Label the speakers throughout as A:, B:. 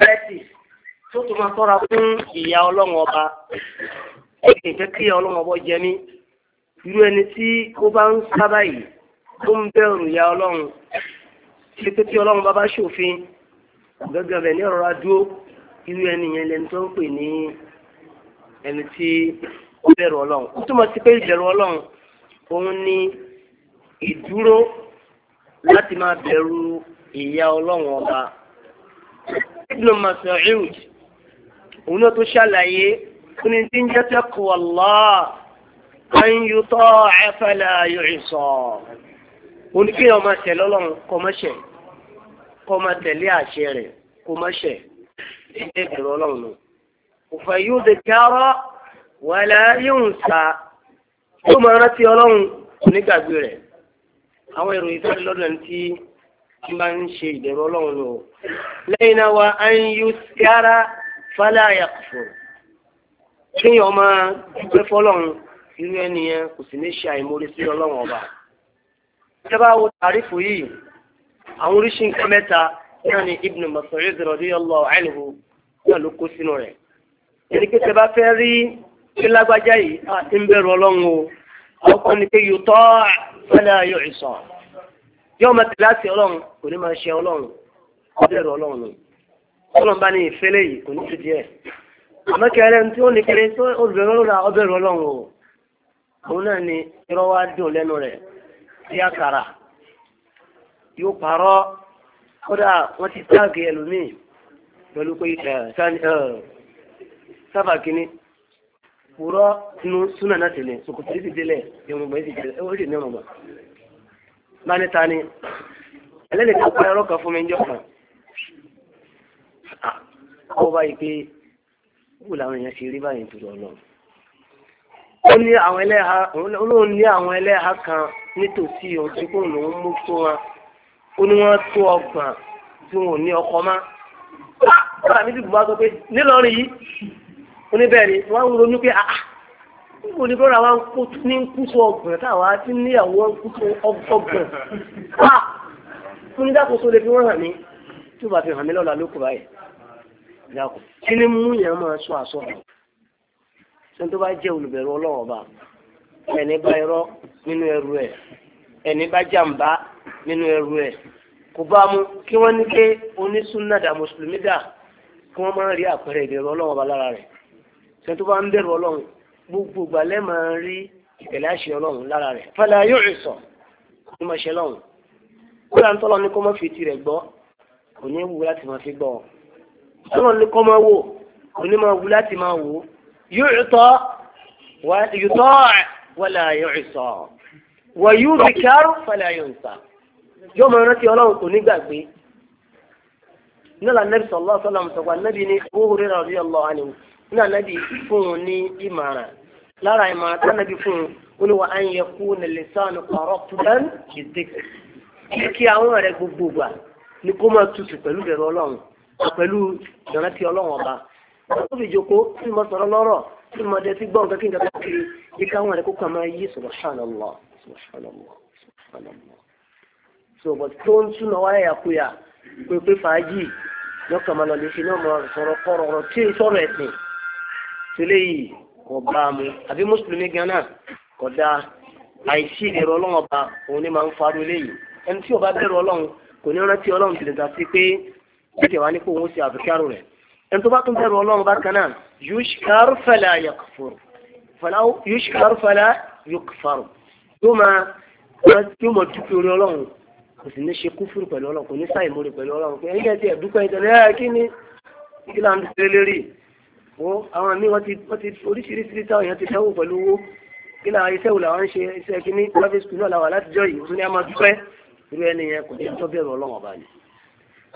A: thirty tó tó máa tọ́ra fún ìyá ọlọ́run ọba ẹ̀kẹ́ jẹ́ kí ọlọ́run ọba jẹ mí irú ẹni tí ó bá ń sábà yìí tó ń bẹ̀rù ìyá ọlọ́run tí pé kí ọlọ́run bá bá ṣòfin gẹ́gẹ́ bẹ̀ ní ọ̀rọ̀ adúró irú ẹni yẹn lẹni tó ń pè ní ẹni tí ó bẹ̀rù ọlọ́run ó túmọ̀ sí pé ìbẹ̀rù ọlọ́run òun ni ìdúró láti máa bẹ̀rù ìyá ọlọ́run ọba ibnu Mas'ud òun náà tó ṣàlàyé fún ní tí ń jẹ́ tẹ́kọ̀ọ́ Allah an yuta'a fala yu'sa oníkéèyàn máa tẹ̀lé ọlọ́run kọ́ máa ṣẹ̀ kọ́ máa tẹ̀lé àṣẹ rẹ̀ kọ́ máa ṣẹ̀ ṣe ìbẹ̀rù ọlọ́run nù. òfò yóò de kárọ̀ wala yunsa ó máa rántí ọlọ́run onígbàgbé rẹ̀ àwọn ìròyìn tó lọ́dọ̀ ní ti ń bá ń ṣe ìdẹ̀rọ ọlọ́run lò lẹ́yìn náà wa an yuskara fala yakfur kíyàn ọmọ gbígbé fọlọ́run irú ẹni yẹn kò sì ní ṣe àìmọ̀re sí ọlọ́run ọba ìjọba wo tàrífù yìí àwọn oríṣi nǹkan mẹ́ta náà ni ibn Mas'ud radiyallahu anhu náà ló kó sínú rẹ̀ ẹni pé tẹ bá fẹ́ rí kílágbájá yìí àti ń bẹ̀rù ọlọ́run o àwọn kan ní pé yòótọ́ fala yu'sa yóò máa tẹ̀lé àti ọlọ́run kò ní máa ṣe ọlọ́run kó bẹ̀rù ọlọ́run ni ọlọ́run bá ní ìfẹ́lẹ̀ yìí kò ní ti díẹ̀ àmọ́ kẹrẹ́ ní ó ní kéré tó olùbẹ̀rù ọlọ́run ọbẹ̀rù ọlọ́run o òun náà ni irọ́ wá dùn lẹ́nu rẹ̀ sí àkàrà yóò parọ́ kódà wọ́n ti táàgì ẹlòmíì pẹ̀lú pé sábà kínní purọ́ sínú súnà náà tẹ̀lé sòkòtò ti délẹ̀ ìrùngbọ̀n ti délẹ̀ ó sì ní ìrùngbọ̀n bá níta ni ẹlẹ́ni kan pa ẹrọ kan fún mi ń jọ̀kan ó báyìí pé wù làwọn èèyàn ṣe rí báyìí tó lọ lọ ó ní àwọn ẹlẹ́ha olóhùn ní àwọn ẹlẹ́ha kan nítòsí ojú kó lòún mú fún wọn ó ní wọ́n tó ọgbọ̀n tí wọn ò ní ọkọ má ó rà mí sí bùbá sọ pé nílọrin yìí ó ní bẹ́ẹ̀ ni wọ́n ń ronú pé àá níbo ni bọ́ra wa ń kú ní ń kú tó ọgbọ̀n táwa ti níyàwó ń kú tó ọgbọ̀n wá fún ní dákòóso lè fi wọ́n hàn mí tí ó bá fi hàn mí lọ́la lóko báyìí dákò kí ni mú yẹn máa sọ àsọ ṣé tó bá jẹ́ olùbẹ̀rù ọlọ́wọ́ bá ẹni bá irọ́ nínú ẹrù ẹ̀
B: ẹni bá jàǹbá
A: nínú ẹrù ẹ̀ kò bá mu kí wọ́n ní pé onísúnnàdà mùsùlùmí dà kí wọ́n máa rí àpẹẹrẹ ìbẹ̀rù ọlọ́wọ́ bá lára rẹ̀ ṣé tó bá ń bẹ̀rù ọlọ́wọ́ gbogbo gbalẹ́ máa rí ìtẹ̀lé àṣẹ ọlọ́run lára rẹ̀ fẹlẹ́ ayé ìsọ̀ ní máa ṣe lọ́run kó là ń tọ́lọ ní kó má fi tirẹ̀ gbọ́ kò ní wù láti máa fi gbọ́ tọ́lọ ní kó má wò kò ní máa wù láti máa wò yóò tọ́ wàlà yóò ìsọ̀ wà yóò fi kárò fẹlẹ́ ayé ìsà yóò máa rántí ọlọ́run kò ní gbàgbé nílà nẹ́bí sọ̀lọ́ sọ́lá mùsọ̀gbà nẹ́bí ní owó rẹ̀ rà rí ọlọ́ lára ìmọ̀ àtànàbí fún un olùwà á ń yẹ kú nílẹ̀ sánù ọ̀rọ̀ tuntun ìdíkì kí àwọn rẹ̀ gbogbo gbà ní kó máa tutù pẹ̀lú ìbẹ̀rù ọlọ́run pẹ̀lú ìrántí ọlọ́run ọba ó fi jòkó tí mo sọ̀rọ̀ lọ́rọ̀ tí mo dẹ̀ ti gbọ́ nǹkan kí n kàkà kiri bí káwọn rẹ̀ kókò máa yí subhanallah
C: subhanallah
A: sọ̀rọ̀ kọ̀rọ̀ sọ̀rọ̀ ẹ̀sìn kò bá a mu àbí mùsùlùmí gánà kò dáa àìsí ìdẹ̀rọ ọlọ́run ọba òun ni máa ń farú eléyìí ẹni tí ò bá bẹ̀rù ọlọ́run kò ní rántí ọlọ́run tìlẹ̀ta sí pé bẹ́ẹ̀ wá ní kó òun ṣe àbíkárù rẹ̀ ẹni tó bá tún bẹ̀rù ọlọ́run bá kan náà yushkaru fala yakfur yushkaru fala yukfaru yóò máa yóò máa dúpẹ́ orí ọlọ́run kò sì ní ṣe kúfúrú pẹ̀lú ọlọ́run kò ní sáì mórí pẹ̀lú ọlọ́run pé ẹ̀yìn ẹ̀dí ẹ̀dúpẹ́ ìtẹ̀lẹ́ kí ni kí láǹdí àwọn míì wọ́n ti oríṣiríṣi táwọn èèyàn ti dánwò pẹ̀lú owó kí náà iṣẹ́ òun làwọn ń ṣe iṣẹ́ kínní private school náà làwọn látijọ́ yìí tún ní a máa dúpẹ́ irú ẹni yẹn kò ní ọjọ́ bẹ̀rù ọlọ́run ọba ni.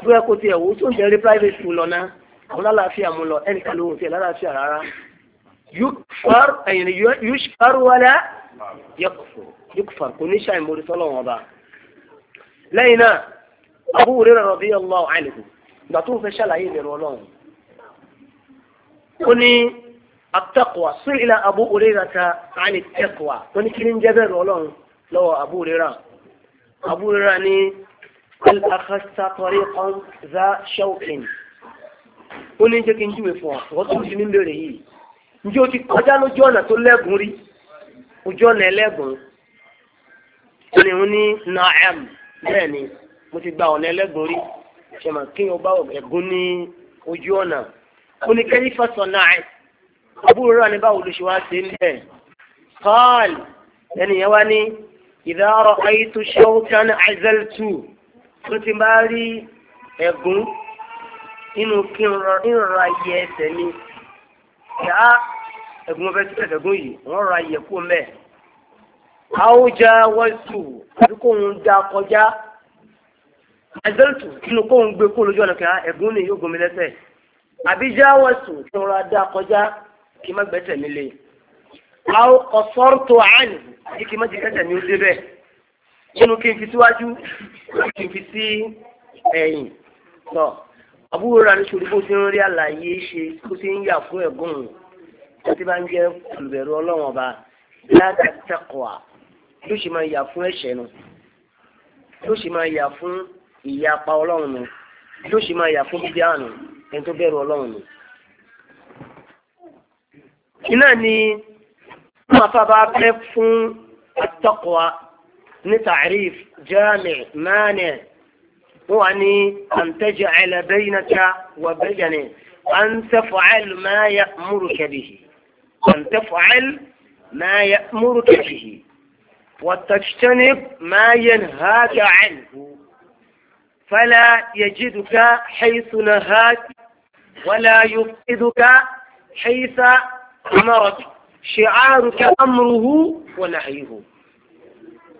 A: irú ẹ kò tiẹ̀ wò ó tó ń jẹ́rí private school lọ náà àwọn lálàáfíà mú lọ ẹnìkan ló ń tiẹ̀ lálàáfíà rárá. yusufar wala yukufar kò ní ṣàì mórí sọ́lọ́run ọba. lẹ́yìn náà Abu ó ní atẹ́kọ̀ọ́ ila Abu Hurairah ta àní tẹ́kọ̀ọ́ ó ni ń jẹ́ bẹ́ẹ̀ Ọlọ́run Abu Hurairah Abu Hurairah akhasta tariqan za shawkin ó ni ọ ti o ti naam ni mo ti gba ọ̀nà ẹlẹ́gùn rí ṣe kí n bá ní oníkẹ́yí fọ́sọ̀nà ẹ̀ àbúrò rẹ̀ ní báwo ló ṣe wá sí ńlẹ̀ kọ́ọ̀l ẹnìyẹn wá ní ìdárọ̀ àyètò ṣẹ́wọ́tán àìzẹ́lẹ̀tù tó ti bá rí ẹ̀gún nínú kí n rọra yẹ ẹsẹ̀ mi yá ẹ̀gún ọbẹ̀ tó tẹ̀sẹ̀ gún yìí wọ́n rọra yẹ kó mẹ́ àwùjá wọ́ọ̀tù àbí kò ń da kọjá àìzẹ́lẹ̀tù nínú kó ń gbé kó lójú ọ̀nà kí ẹ̀gún ni yóò gún lẹ́sẹ̀ àbíjá wẹ̀sùn tó rọra dá kọjá kí má gbẹ́sẹ̀ mi lé àwọn kọ̀sọ́rù tó àánì àti kí má ti gbẹ́sẹ̀ mi ó débẹ̀ nínú kí n fi síwájú kí n fi sí ẹ̀yìn tọ́ àbúrò rà ní sori bó ti ń rí àlàyé ṣe bó ti ń yà fún ẹ̀gùn tí bá ń jẹ́ olùbẹ̀rù ọlọ́wọ́n ọba láti tẹ́kọ̀ọ́ yóò ṣe máa yà fún ẹ̀ṣẹ̀ nu yóò ṣe máa yà fún ìyapa ọlọ́run nu yóò ṣe máa yà fún bíbí àná ẹni tó bẹ̀rù ọlọ́run ni. iná ni wọ́n fà bá fẹ́ fún àtọ́kọ̀ọ́ ní tàríf jáàmì mánì wọ́n wà ní àǹtẹ́jọ ẹlẹ́bẹ́yìnàkà wà bẹ́yàní àǹtẹ́fọ̀ẹ́l máa yà múrù kẹ́bìhì àǹtẹ́fọ̀ẹ́l máa yà múrù kẹ́bìhì وتجتنب ما ينهاك عنه فلا يجدك حيث نهاك ولا يفقدك حيث أمرك شعارك أمره ونهيه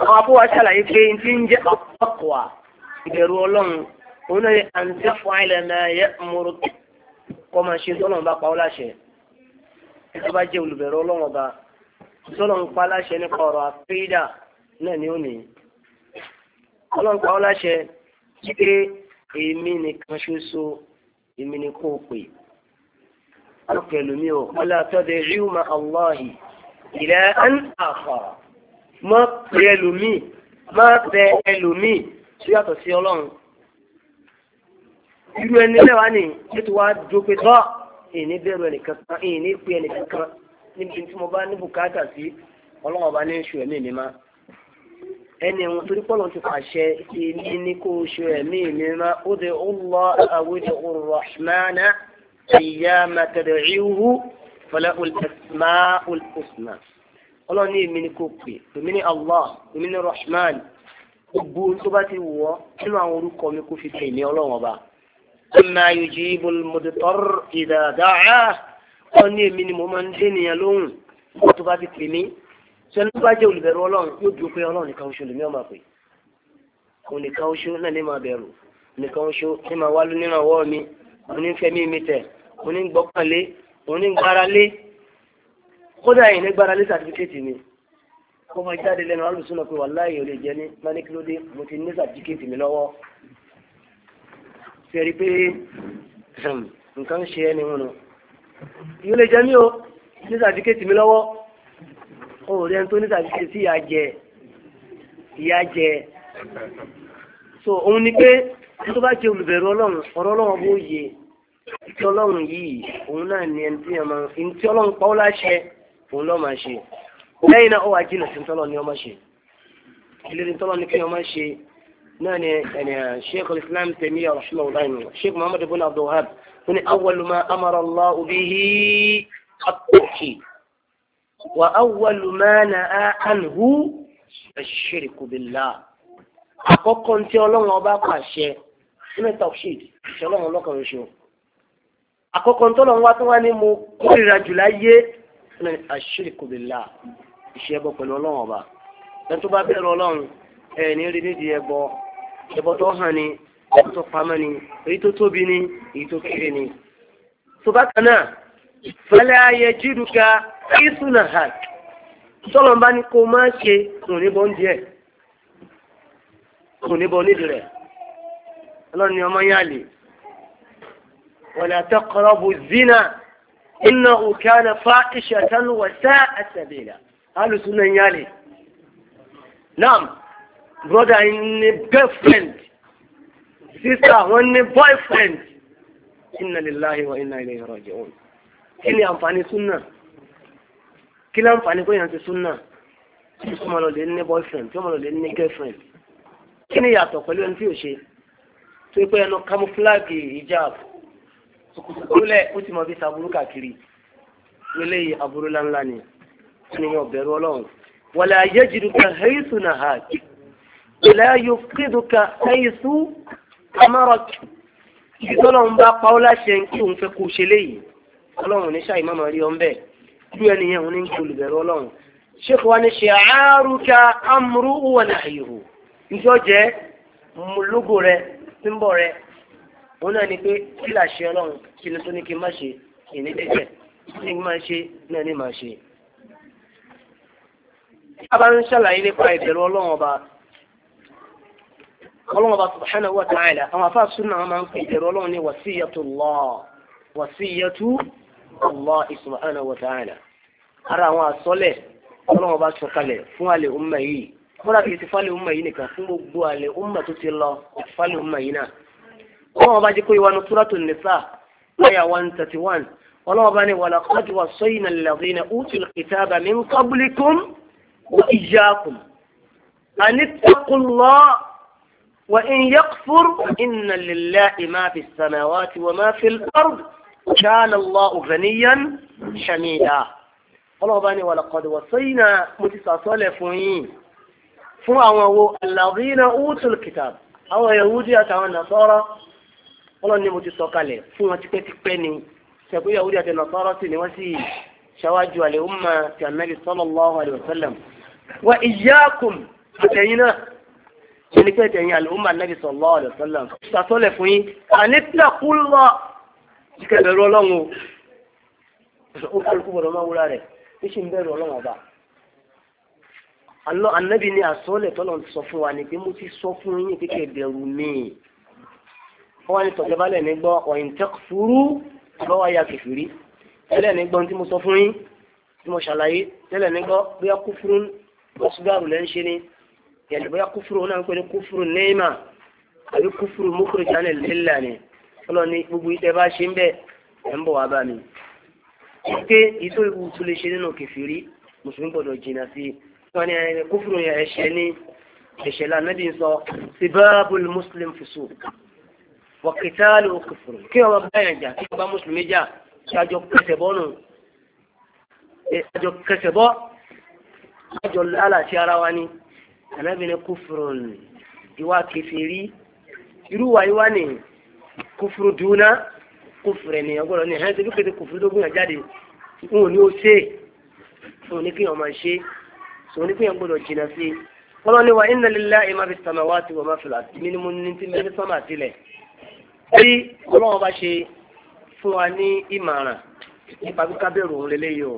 A: أبو أسأل عيكين تنجى التقوى يقولوا لهم هنا أن تفعل ما يأمرك وما شيء لهم بقى ولا شيء أبا جول بيرولون بقى سلون قال شيء نقرأ فيدا ننيوني ọlọ́run pa ọ́ láṣẹ pé èmi nìkan ṣoṣo èmi ni kò pè ọkẹ lómi o ọlá tọdẹ ríuma aláhi ìlà án àfà má pè ẹlòmí má bẹ ẹlòmí tí yàtọ̀ sí ọlọ́run irú ẹni lẹ́wàá ni ètò wa dópe tọ́ ìní bẹ̀rù ẹnìkan kan ìní pè ẹnìkan níbi tí mo bá ní bùkátà sí ọlọ́run ọba ní ìṣù ẹ̀mí mi máa ẹni ẹ̀wọ̀n torí pọ́lọ̀ ti pàṣẹ ìní ní kó o ṣe ẹ̀mí ìmíràn ó de ó lọ àwùjọ
B: ọ̀rọ̀ṣmánà
A: ìyá màtẹ̀rẹ̀ ìhú fọlẹ́ olùsùnmá olùsùnmá ọlọ́run ní èmi ni kò pè èmi ni allah èmi ni rahman gbogbo tó bá ti wọ̀ nínú àwọn orúkọ mi kò fi pè ní ọlọ́run ọba ọ̀nà sẹ́ni tó bá jẹ́ olùbẹ̀rù ọlọ́run yóò dúró pé ọlọ́run nìkan oṣù lèmi ọmọ pé òun nìkan oṣù náà ní máa bẹ̀rù nìkan oṣù ní máa wá lónìí ọwọ́ mi onífẹ́mi mi tẹ̀ onígbọ́kànlé onígbáralé kódà yìí nígbáralé sàtífíkẹ́tì mi kó máa jáde lẹ́nu alùsùn náà pé wà láàyè olè jẹ́ ní mánikílódé mo ti ní sàtífíkẹ́tì mi lọ́wọ́ fẹ́rí pé nǹkan ń ṣe ẹni wọn nù yóò lè jẹ́ mí o ní sàtífíkẹ́tì mi lọ́wọ́ òòrẹ́ ń tó ní tàbí ṣe sí ìyá jẹ ìyá jẹ so òun ni pé tó bá jẹ olùbẹ̀rù ọlọ́run ọ̀rọ̀ ọlọ́run bó yẹ tí ọlọ́run yìí òun náà ni ẹni tí ẹ máa fi tí ọlọ́run pa ó láṣẹ òun lọ́ọ́ máa ṣe lẹ́yìn náà ó wàá jìnà sí tọ́lọ́ ni ọmọ ṣe ìlérí tọ́lọ́ ni kí ọmọ ṣe náà ni ẹni sheikh islam tẹ̀míyà rahman ọ̀láìnù sheikh muhammad ibn abdulhab ó ní awwalu ma amara allah
C: bihi at
A: wà áwọlù mẹ́rin àánú ṣìrìkù bìlá àkọ́kọ́ tí ọlọ́run ọba pàṣẹ nínú tọ́kṣìd ìṣọlọ́run ọlọ́kan oṣù àkọ́kọ́ tí ọlọ́run wá tó wá ní mo kórìíra jùlá yé ṣìrìkù bìlá ìṣẹ́ ẹbọ pẹ̀lú ọlọ́run ọba ẹni tó bá bẹ̀rù ọlọ́run ẹ̀ ní rí nídìí ẹbọ ẹbọ tó hàn ní ẹbọ tó pamọ́ ní èyí tó tóbi ní èyí tó kéré ní. tó bá kan náà fala yajiduka ìsúná hàk tọ́lọ̀ bá ní kó máa ṣe kùn níbọ̀ oúnjẹ kùn níbọ̀ onídìí rẹ̀ ọlọ́run ni ọmọ ounje kun ni omo ya wala taqrabu zina innahu kana fa'ishatan wa sa'a sabila alùsùn náà yá lè brother ní girlfriend sister wọn ní boyfriend inna lillahi wa inna ilayhi raji'un kí ni àǹfààní sunnah. kí láǹfààní kó yàn ti súnà tí ó mọ̀ lọ́lẹ̀ ní boyfriend tí ó mọ̀ lọ́lẹ̀ ní girlfriend kí ni yàtọ̀ pẹ̀lú ẹni tí ò ṣe tó pé ẹnu camouflage hijab olólẹ̀ ó ti mọ̀ bí sàbúrú káàkiri lólè yìí aburú ńláńlá ni ni wọn bẹ̀rù ọlọ́run wala yajiduka haythu nahak la yufqiduka haythu amarak ìtọ́lọ́run bá pa ọ́ kí òun fẹ́ kó ṣe léyìí ọlọ́run ní ṣáà ìmọ̀mọ̀ rí ọ bẹ́ẹ̀ irú ẹni yẹn òun ní kí olùbẹ̀rù ọlọ́run ṣéèkì wa ni ṣe àárúkà amúrú wà láàyò ìjọ jẹ́ lógo rẹ símbọ̀ rẹ òun náà ni pé kí là ṣe ọlọ́run kí ni tó ní kí n má ṣe ìní dẹ́jẹ̀ kí ni máa ṣe náà ni máa ṣe.
C: Abá ń ṣàlàyé nípa ìbẹ̀rù
A: ọlọ́run ọba ọlọ́run ọba subhanahu wa ta'ala àwọn afáà súnà wọn máa ń pè ìbẹ̀rù ọlọ́run ní wàsíyàtú Allah wàsíyàtú Allah subhanahu wa ta'ala. ara àwọn àsọlẹ̀ ọlọ́wọ́n bá sọ kalẹ̀ fún àlè ọmọ yìí kódà kìí ti fálẹ̀ ọmọ yìí nìkan fún gbogbo àlè ọmọ tó ti lọ ti fálẹ̀ ọmọ yìí náà ọlọ́wọ́n bá jẹ́ pé ìwánu túrátù nìsà lọ́yà one thirty one ọlọ́wọ́n bá ní wàlá kọ́dù wà sọ́yìn alladhina utul kitaba min qablikum wa iyyakum anittaqullah wa in yakfur inna lillahi ma fi samawati wa ma fi al-ard kana Allahu ghaniyan hamida. ọlọ́ọ̀bá ni walaqad wasayna mo ti sàtọ́lẹ̀ fún yín fún àwọn wo alladhina utul kitab àwọn yahudi àtàwọn nasara ọlọ́ọ̀ ni mo ti sọ kalẹ̀ fún wọn tipẹ́tipẹ́ ni sẹ́kù yahudi àti nasara sì ni wọ́n sì ṣáwájú àlẹ́ umma ti anabi sallallahu alayhi wa sallam wa iyyakum àtẹ̀yìn náà ẹni pé ẹ̀tẹ̀yìn àlẹ́ umma anabi sallallahu alayhi wa sallam sàtọ́lẹ̀ fún yín àníkàkúlọ̀ ìkẹbẹ̀rù ọlọ́run o ó kálukú bọ̀dọ̀ máa wúra rẹ̀ ó sì ń bẹ̀rù ọlọ́run ọba anabi ni àsọ́lẹ̀ tọ́lọ̀ sọ fún wa ni pé mo ti sọ fún yín pé kẹ́ bẹ̀rù mi wọ́n wá ní tọ̀tẹ̀bálẹ̀ ní gbọ́ ọ̀yìn tẹ́kùfúrú lọ́wọ́ ya kẹfìrí tẹ́lẹ̀ ní gbọ́ tí mo sọ fún yín tí mo ṣàlàyé tẹ́lẹ̀ ní gbọ́ bóyá kúfúrú lọ́sùgbàrù lẹ́ ń ṣe ni yẹ̀lẹ̀ bóyá kúfúrú náà ń pè ní kúfúrú neema àbí kúfúrú mukuru janel lélà ni ọlọ́ni gbogbo ìtẹ́ bá ṣe ń bẹ́ẹ̀ ẹ̀ ń bọ̀ wá bá mi pé ìtò ìwú tó lè ṣe nínú kẹfìrí mùsùlùmí gbọdọ̀ jìnnà sí i wọn ni ẹni kófùrù yẹn ẹ̀ṣẹ̀ ní ẹ̀ṣẹ̀ lánà bí n sọ sibabul muslim fusuq wa qitalu kufur kí wọn bá yàn jà kí wọn mùsùlùmí jà kí àjọ kẹsẹ̀ bọ́ nù àjọ kẹsẹ̀ bọ́ àjọ aláṣẹ ara wa ni ànábì ni kófùrù ìwà kẹfìrí irú wa ìwà ni kófùrù dùnà kófìrẹ̀ ni ọgbọ́dọ̀ ní ẹ̀hẹ́n tó kéde kófìrẹ̀ tó gbìyànjú jáde wọn ò ní o ṣe wọn ò ní kéèyàn máa ṣe wọn ò ní kéèyàn gbọ́dọ̀ jìnnà sí i wọ́n ní wa inna lillahi ma fi samawati wa ma fil ardi mímú ní ti mẹ́rin sọ́mà sílẹ̀ bí ọlọ́wọ́n bá ṣe fún wa ní ìmọ̀ràn nípa kíkà bẹ̀rù òun lélẹ́yìí o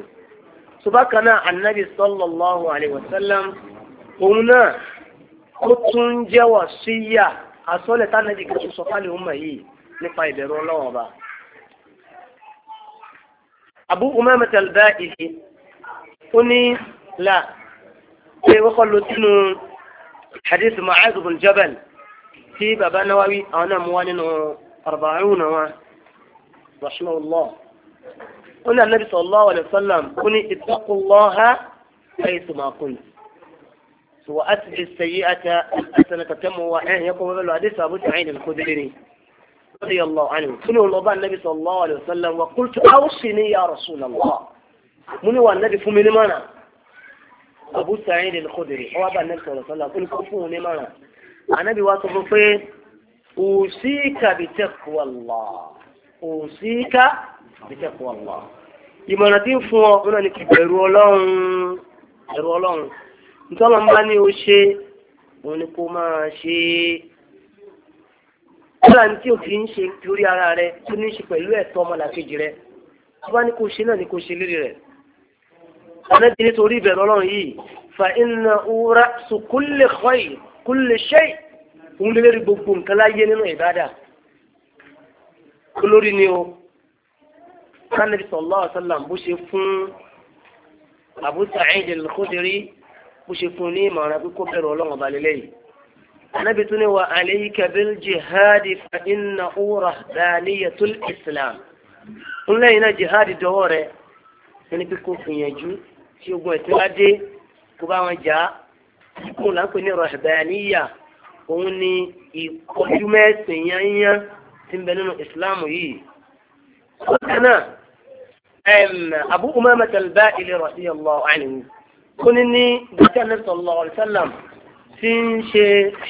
A: subaka náà anabi sallallahu alayhi wa sallam òun náà ó tún jẹ́wọ́ síyà àsọ́lẹ̀ tánàbì kí sọ fálẹ̀ òun yìí nípa ìbẹ̀rù ọlọ́wọ́n bá. Abu Umama al-Ba'ili ó ní là ṣé wọ́n kọ́ lọ sínú hadith Mu'adh bin Jabal tí baba Nawawi àwọn náà mú wá nínú arba'un wa rahimahullah ó ní anabi sallallahu alayhi wa sallam ó ní ittaqullaha haythuma kuntum. وأتبع السيئة الحسنة تموا وإن يقوم بالحديث أبو سعيد الخدري رضي الله عنه كله لبا النبي صلى الله عليه وسلم وقلت أوصني يا رسول الله من هو النبي فمن مانا أبو سعيد الخدري هو أبا النبي صلى الله عليه وسلم قلت فمن مانا النبي واتفقه أوصيك بتقوى الله أوصيك بتقوى الله ìmọ̀ràn tí ń fún ọ náà ni ẹ̀rù ọlọ́run ẹ̀rù ọlọ́run nítorí kọ́lá ní tí o fi ń ṣe lórí ara rẹ tó ní ṣe pẹ̀lú ẹ̀tọ́ ọmọlàkejì rẹ tó bá ní kó ṣe náà ní kó ṣe lérí rẹ. ànábi nítorí ìbẹ̀rù ọlọ́run yìí fa iná ura su kúlẹ̀ xọ́yì kúlẹ̀ ṣẹ́yì òun lè lérí gbogbo nǹkan láyé nínú ìbádà. olórí ni o kánàbí sallallahu alaihi bó ṣe fún Abu Sa'id al bó ṣe fún ní ìmọ̀ràn pé bẹ̀rù ọlọ́run ọba lélẹ́yìí anabi tún ní wa alayka bil jihadi fa innahu rahdaniyatul islam ńlẹ́ yìí náà jihadi dọ́wọ́ rẹ̀ ẹni pé kò gbìyànjú tí ogun ẹ̀sìn bá dé kó bá wọn jà á kó láǹpẹ̀ ní rahdaniya òun ni ìkọjú mẹ́sìn ti bẹ nínú islam yìí. أنا أم أبو أمامة البائلي رضي الله عنه كنني بكان النبي صلى الله عليه وسلم tí ń ṣe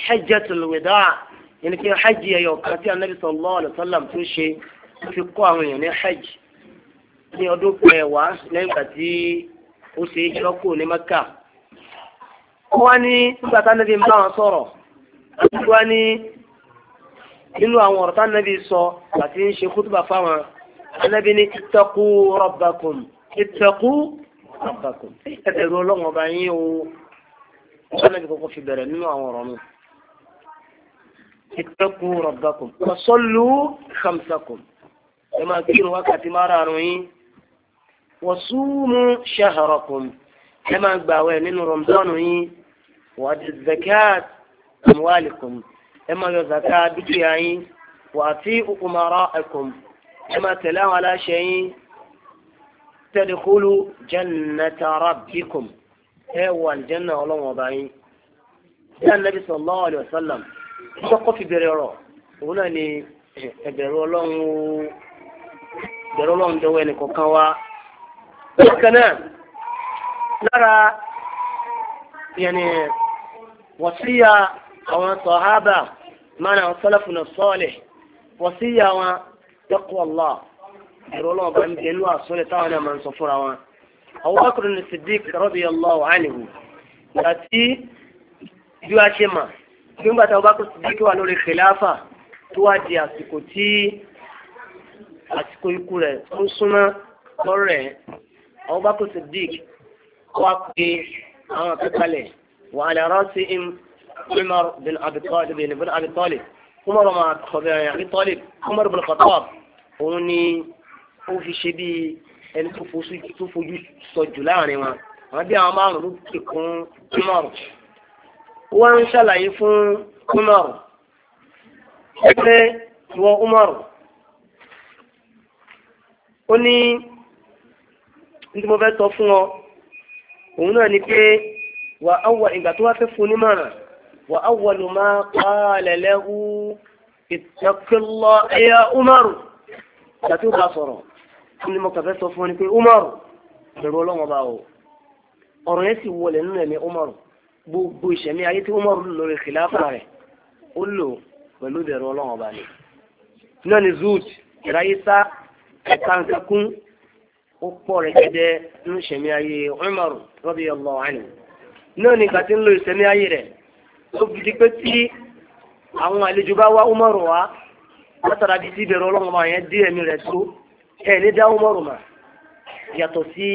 A: hajjatul wida' yẹni kí hajj ẹyọ kan tí anabi sallallahu alaihi wasallam tó ṣe ó fi kọ́ àwọn èèyàn ní hajj ní ọdún kẹwàá lẹ́yìn ìgbà tí ó ṣe é jọ kó ní mẹ́kà. ó wá ní nígbà tá anabi ń bá wọn sọ̀rọ̀ ó wá ní nínú àwọn ọ̀rọ̀ tá anabi sọ àti ń ṣe kútùbà fáwọn anabi ní ittaqu rabbakum ittaqu rabbakum ẹ̀ẹ́dẹ̀rú ọlọ́wọ́n ọba yín o sọ́lẹ́dì kọ́kọ́ fi bẹ̀rẹ̀ nínú àwọn ọ̀rọ̀ mi. ittaqu rabbakum wa sallu khamsakum ẹ máa kírun wákàtí márààrún yín wa sumu shahrakum ẹ máa gbààwẹ̀ nínú rọ̀mùdọ́nù yín wa atu zakat amwalikum ẹ máa yọ zaka dúkìá yín wa ati'u umara'akum ẹ máa tẹ̀lé àwọn aláṣẹ yín tadkhulu jannata rabbikum ẹ wọ àlìjẹ́nà ọlọ́wọ́n ọba yín ní anabi sallallahu alayhi wa sallam kọ́kọ́ fi bẹ̀rẹ̀ ọ̀rọ̀ òun náà ni ẹ̀bẹ̀rẹ̀ ọlọ́run o ẹ̀bẹ̀rẹ̀ ọlọ́run dọwọ́ ẹnìkọ̀ọ̀kan wa bákan náà lára yẹn wọ̀síyà àwọn sọ̀hábà mana àwọn sọ́lẹ̀fùnà sọ́ọ̀lẹ̀ wọ̀síyà wọn taqwa ẹ̀rọ ọlọ́run bá ń bẹ̀ẹ́lú àsọ́lẹ̀ táwọn náà Abubakar Siddiq radiyallahu anhu ìgbà tí bí wàá ṣe mà nígbà tí Abubakar Siddiq wà lórí khilafa tó wá di àsìkò tí àsìkò ikú rẹ̀ tó súnmọ́ lọ́rẹ̀ Abubakar Siddiq wá pé àwọn akẹ́kọ̀ọ́lẹ̀ wà á lè rántí im Umar bin Abi Talib bin Abi Talib Umar bin Abi Talib Umar bin Khattab òun ni ó fi ṣe bíi ẹni tó fojú sọ jù láàrin wọn àwọn bí àwọn márùn ló pè kún kúmọ̀rù wọ́n ń ṣàlàyé fún kúmọ̀rù ẹgbẹ́ ìwọ kúmọ̀rù ó ní ní mo fẹ́ sọ fún ọ òun náà ni pé wà áwọ̀ ìgbà tó wá fẹ́ fún onímọ̀ràn wà áwọ̀ ló máa pa lẹ́lẹ́hu ittaqillah ya Umaru ìgbà tó bá sọ̀rọ̀ ni mo kàfẹ́ sọ fún ọ ni pé umaru bẹ̀rù ọlọ́wọ́n bá o ọ̀rọ̀ yẹn sì wọlé nínú ẹ̀mí umaru gbogbo ìṣẹ̀mí ayé tí umaru lórí kìláfà rẹ̀ ó lò pẹ̀lú bẹ̀rù ọlọ́wọ́n bá ni. náà ni zuj ìráyísá ẹ̀ka nǹkan kún ó pọ̀ rẹ̀ gẹ́gẹ́ nínú ìṣẹ̀mí ayé umaru radiyallahu anhu náà ni ìgbà ń lo ìṣẹ̀mí ayé rẹ̀ ó di pé tí àwọn àlejò bá wá umaru wá látara bí sí bẹ̀rù ọlọ́wọ́n ẹ̀ lè dá Umaru mà yàtọ̀ sí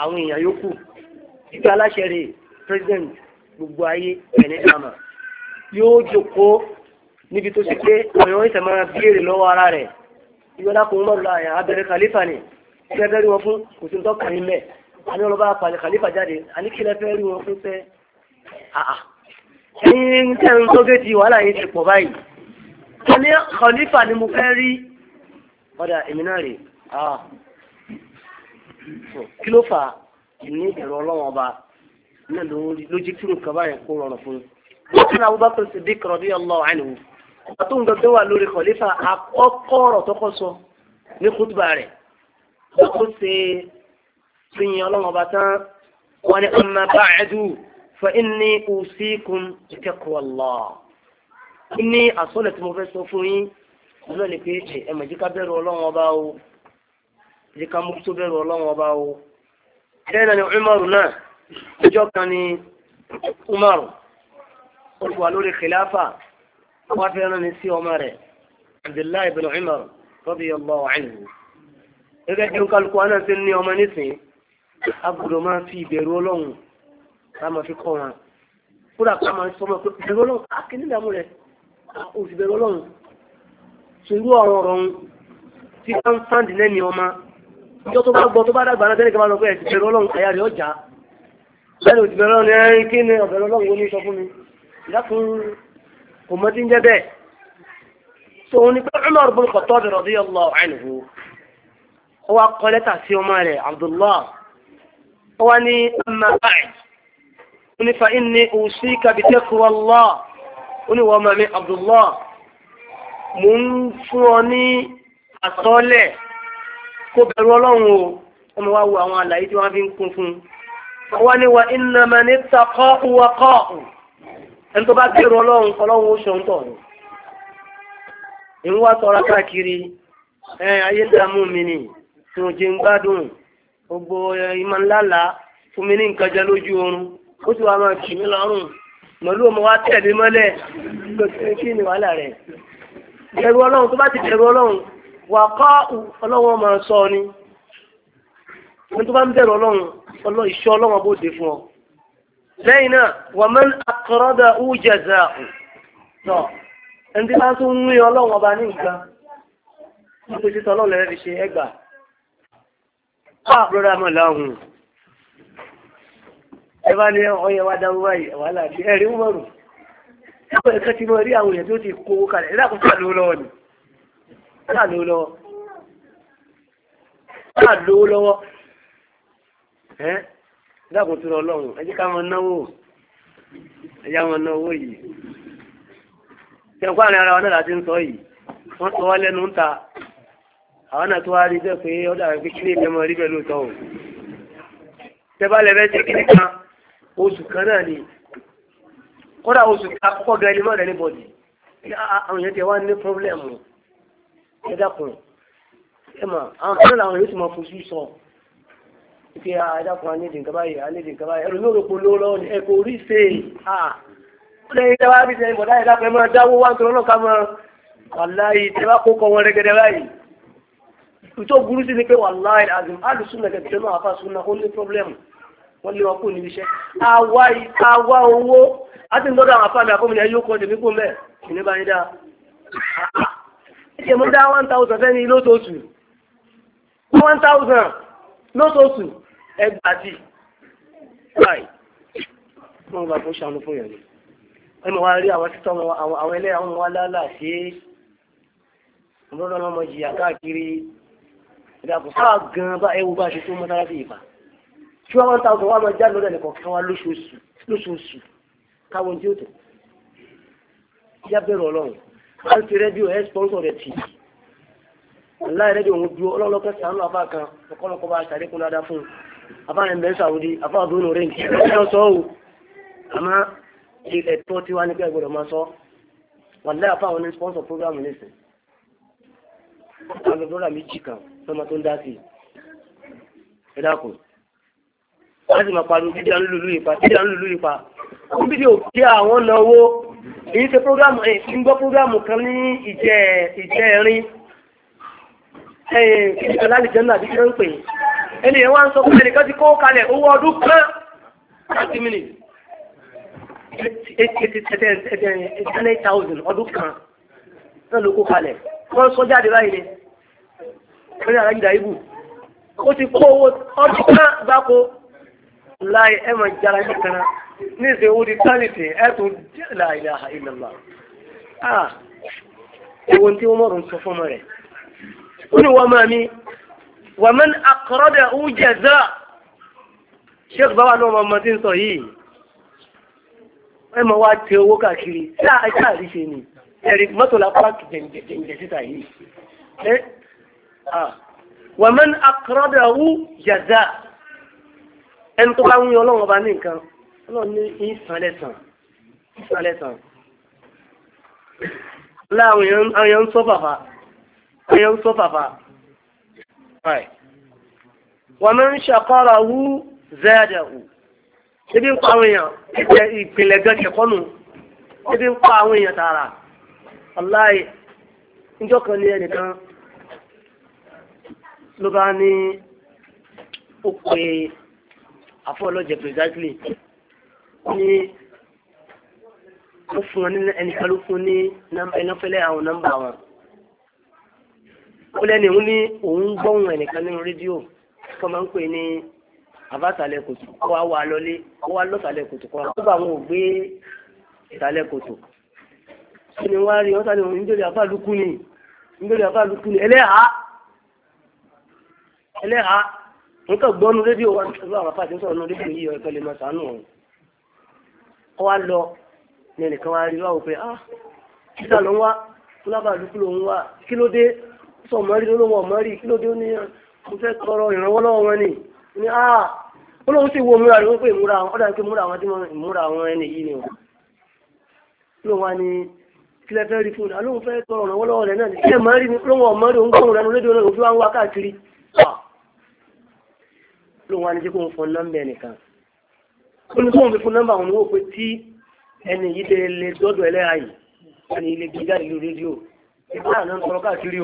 A: àwọn èèyàn yòókù ibi aláṣẹ rẹ̀ president gbogbo ayé ẹ̀ ní dàmà yóò jókòó níbi tó ṣe pé ọ̀yọ́ ìtẹ̀mọ́ra béèrè lọ́wọ́ ara rẹ̀ ìyọ́lá kò Umaru la àyà abẹ́rẹ́ kàlífà ni fẹ́ẹ́ rí wọn fún kò sí tọ́ka ní mẹ́ àní ọlọ́ba àpàlẹ̀ kàlífà jáde àní kílẹ̀ fẹ́ẹ́ rí wọn fún fẹ́ ẹ̀yin tẹ̀ ń tó gé wàhálà yìí ti pọ̀ báyìí kàlífà ni mo fẹ́ rí ọ̀dà èmi náà rè kí ló fà á ìní ẹ̀rọ ọlọ́wọ́n ọba náà ló jí kí nǹkan báyẹn kó rọrùn fún un. wọ́n ti ní Abubakar Siddiq radiyallahu anhu ọba tó ń gbẹgbẹ́ wà lórí kọ̀lífà àkọ́kọ́ ọ̀rọ̀ tọ́kọ́ sọ ní kútùbà rẹ̀ ó ṣe fìyìn ọlọ́wọ́n ọba tán wọ́n ní amma ba'du fa inni usikum bi Allah. ó ní tí mo fẹ́ sọ fún yín lọ ni pé ẹ mọ̀ jíká bẹ̀rù ọlọ́run ọba o jíká mú tó bẹ̀rù ọlọ́run ọba o.
C: bẹ́ẹ̀ náà ni umaru náà
A: ọjọ́ kan ni umaru ó wà lórí khilafa wọ́n fẹ́ rán ni sí ọmọ rẹ̀ abdullahi ibn umar radiyallahu anhu. gẹ́gẹ́ bí kálukú wa náà ti ní ọmọ nísìnyí a máa fi ìbẹ̀rù ọlọ́run ká fi kọ́ wọn kódà ká sọ irú ọ̀rọ̀ ọ̀rọ̀ ń tí wọ́n ń sáǹdì lẹ́ni ọmọ ìjọ tó bá gbọ́ tó bá dàgbà náà tẹ́lẹ̀ kí wọ́n lọ pé ẹ̀sìn bẹ̀rẹ̀ ọlọ́run àyà rẹ̀ ọjà bẹ́ẹ̀ òtì bẹ̀rẹ̀ ọlọ́run ẹ̀rín kí ni ọ̀bẹ̀rẹ̀ ọlọ́run wo ní sọ fún mi ìdákun kò mọ tí ń jẹ́ bẹ́ẹ̀ tó òun ni pé ọmọ rẹ̀ Abdullah ó wá ní amma ba'd ó ní fa mò ń fún ọ ní àsọ́lẹ̀ kó bẹ̀rù ọlọ́run o ọmọ wa wo àwọn àlàyé tí wọ́n fi ń kún fún un wọ́n ní wa iná máa ní takọ́ wa kọ́ ẹni tó bá bẹ̀rù ọlọ́run ọlọ́run ó ṣe ń tọ̀ ní. ìwọ wa tọra káàkiri ẹ ayé dààmú mi ni tí mo jẹ ń gbádùn gbogbo ìmọ̀ ńlá fún mi ní nǹkan jẹ lójú oorun ó sì wá máa kì mí lọ́rùn pẹ̀lú ọmọ wa tẹ̀lé mọ́lẹ̀ kí ni wàhálà rẹ̀ ẹ̀rù ọlọ́run tó bá ti bẹ̀rù ọlọ́run wà kọ́ ọlọ́run máa sọ ọ ni ẹni tó bá ń bẹ̀rù ọlọ́run ọlọ́ ìṣọ́ ọlọ́run bó dé fún ọ. lẹ́yìn náà wà mẹ́n akọ̀rọ̀dà ó jẹ̀zà tọ̀ ẹni tí wọ́n tún ń rí ọlọ́run ọba ní nǹkan ní pé títọ́ ọlọ́run lẹ́rẹ́ fi ṣe ẹgbà. wà á bọ́dọ̀ àmọ́ làwọn ẹ bá ní ọyẹ wa dáwọ́ báyìí wàhálà ẹ̀rí ń wọ̀rùn ẹ̀kọ́ ẹ̀kọ́ ti mọ̀ rí àwọn èèyàn tó ti kó owó kalẹ̀ ẹ̀dá kò sáà lówó lọ́wọ́ ni sáà lówó lọ́wọ́ sáà lówó lọ́wọ́ ẹ́ ẹ̀dá kò túnra ọlọ́run ẹ jẹ́ ká máa náwó ẹ jẹ́ ká máa náwó yìí ṣẹ̀kọ́ àárín ara wa náà láti ń sọ yìí wọ́n sọ wá lẹ́nu ń ta àwọn náà tó wá rí kódà oṣù àkọ́kọ́ gan ẹni mọ́rẹ̀ níbọ̀dì ah, ah, àwọn èèyàn ti wá ní pọ́blẹ́mù ẹ dákun ẹ mọ̀ àwọn kan náà làwọn yóò sì máa fojú sọ pé ah, ẹ dákun a nídìí nǹkan báyìí a nídìí nǹkan báyìí ẹlòmí òròpó ló lọ ẹ kò rí ṣe à ó lẹ́yìn tẹ́wá bí sẹ́yìn bọ̀dá ẹ dákun ẹ máa dáwó wá nítorí ọlọ́ka mọ́ wàláyé tẹ́wá kó kọ́ wọn rẹ́gẹ́dẹ́ báyìí ìtò burú ni pé wàláyé wọ́n lé wọn kú níbi iṣẹ́ àwa àwa owó a ti ń gbọ́dọ̀ àwọn afáàmì àkómìnira yóò kọ́ tèmi mẹ́ ìní bá yín dáa ṣe dá one thousand fẹ́ni lóṣooṣù one thousand lóṣooṣù ẹgbàájì báyìí wọ́n gbà fún ṣàánú fún yẹn ẹnu wa rí àwọn títọ́ àwọn ẹlẹ́yà wọn wá lálà sí ọmọdé ọmọ jìyà káàkiri ìdàpọ̀ sáà gan bá ẹwù bá ṣe tó mọ́tàlá sí tí wọ́n one thousand wọ́n máa jáde lọ́dọ̀ nìkan kí wọ́n lóṣooṣù káwọn tí ó tẹ̀. ìyá bẹ̀rù ọlọ́run wọ́n ti rẹ́díò ẹ̀ sponsor rẹ̀ tì í. aláì òun dúró ọlọ́lọ́kẹ́ sànú àbá kan ọ̀kọ́lọ́kọ́ bá ṣàlékún dáadáa fún un. àbá rẹ̀ mẹ́sà òdi àbá ọdún òun
C: rẹ̀ ń sọ ọ́
A: àmọ́ ilẹ̀ tó ti wá ní pẹ́ máa sọ wàlẹ́ àbá òun ní sponsor program nísìn. àwọn bọ́dà méjì kan lọ́mọ tó ń dá sí ẹ dákun wọ́n sì máa pariwo bídíà ń lùlú ipa bídíà ń lùlú ipa fún bídíò kí àwọn náwó èyí ṣe prógrámù ẹ̀ ń gbọ́ prógrámù kan ní ìjẹ́ ìjẹ́rin ẹ̀yìn kìí ṣe lálìjẹ́ náà bíi ṣe ń pè é ẹni yẹn wá ń sọ pé ẹnìkan ti kó kalẹ̀ owó ọdún kan thirty minutes eighty nine thousand ọdún kan náà ló kó kalẹ̀ wọ́n sọ jáde báyìí ni wọ́n ní alájùdá ibù ó ti kó owó ọdún kan gbáko láì ẹ mọ̀ jára ní kan ní ìsìn owó di tánìtì ẹ tó la ilaha illallah ah ewo tí wọ́n mọ̀rún sọ fún ọmọ rẹ̀ ó ní wọ́n máa mi wà mẹ́ni àkọ́rọ́dà ó jẹ̀ zá sheikh báwa náà mọ̀ ọmọdé ń sọ yìí ẹ mọ̀ tẹ owó káàkiri sáà ẹ rí ṣe ni ẹ̀rí mọ́tò la pààkì síta yìí wà mẹ́ni àkọ́rọ́dà ó jẹ̀ zá ẹni tó bá ń yan ọlọ́run ọba ní nǹkan ọlọ́run ní ìsànlẹ̀sàn ìsànlẹ̀sàn láwọn èèyàn ń sọ fàfà èèyàn ń sọ fàfà wọ́n máa ń ṣàkọ́ra wú zẹ́ẹ̀dẹ̀ wù ń pa àwọn èèyàn ìpìlẹ̀ gan kẹ̀kọ́nù ebi ń pa àwọn èèyàn tààrà aláì níjọ́ kan ní ẹnìkan ló bá ní ó pe àfọlọ́jẹ̀ precisely ní wọ́n fún wọn ní ẹnìkan ló fún ní iná fẹ́lẹ́ àwọn nọ́mbà wọn ó lẹ́nu òun ní òun gbọ́hùn ẹnìkan nínú rédíò tó máa ń pè ní àbáṣàlẹ̀ kòtò kó wá wà lọlé kó wá lọ́sàlẹ̀ kòtò kó wá kó bá wọn ò gbé ìsàlẹ̀ kòtò kí ni wọ́n á rí wọ́n sáré òun nítorí àfàlùkù ni nítorí àfàlùkù ni ẹlẹ́hàá ẹlẹ́hàá nǹkan gbọ́nu rédíò wa nítorí àwọn afáàjì ń sọ̀rọ̀ nínú rédíò yìí ọ̀ẹ́kẹ́ lè máa sàánù ọ̀hún ọ wá lọ ní ẹnìkan wá rí wá wò pé ah títà ló ń wá fúlábà lùkú ló ń wá kí ló dé sọ mọ́rí ló lóun kí ló dé ní mo fẹ́ tọrọ ìrànwọ́ lọ́wọ́ wọn ni ní ah ó lóun sì wo múra rẹ̀ wọ́n pé ìmúra àwọn ọ̀dà pé múra àwọn tí múra àwọn ẹni yìí ni wọ́n ló wá ní kí lẹ fẹ́ rí fún un àlóhun ah, fẹ́ tọrọ ìrànwọ́ lọ́wọ́ rẹ̀ náà ni ẹ̀ mọ́rí lóun ọ̀mọ́rí òun gbóhùn rẹ̀ lóun wá ní kí kò ń fún nọ́mbà ẹnìkan ó ní kóun fi fún nọ́mbà òun wò pé tí ẹni yìí lè lè dọ́dọ̀ ẹlẹ́ra yìí ẹni ilé gbígbá ìlú rédíò ìgbà náà ń sọ̀rọ̀ káàkiri o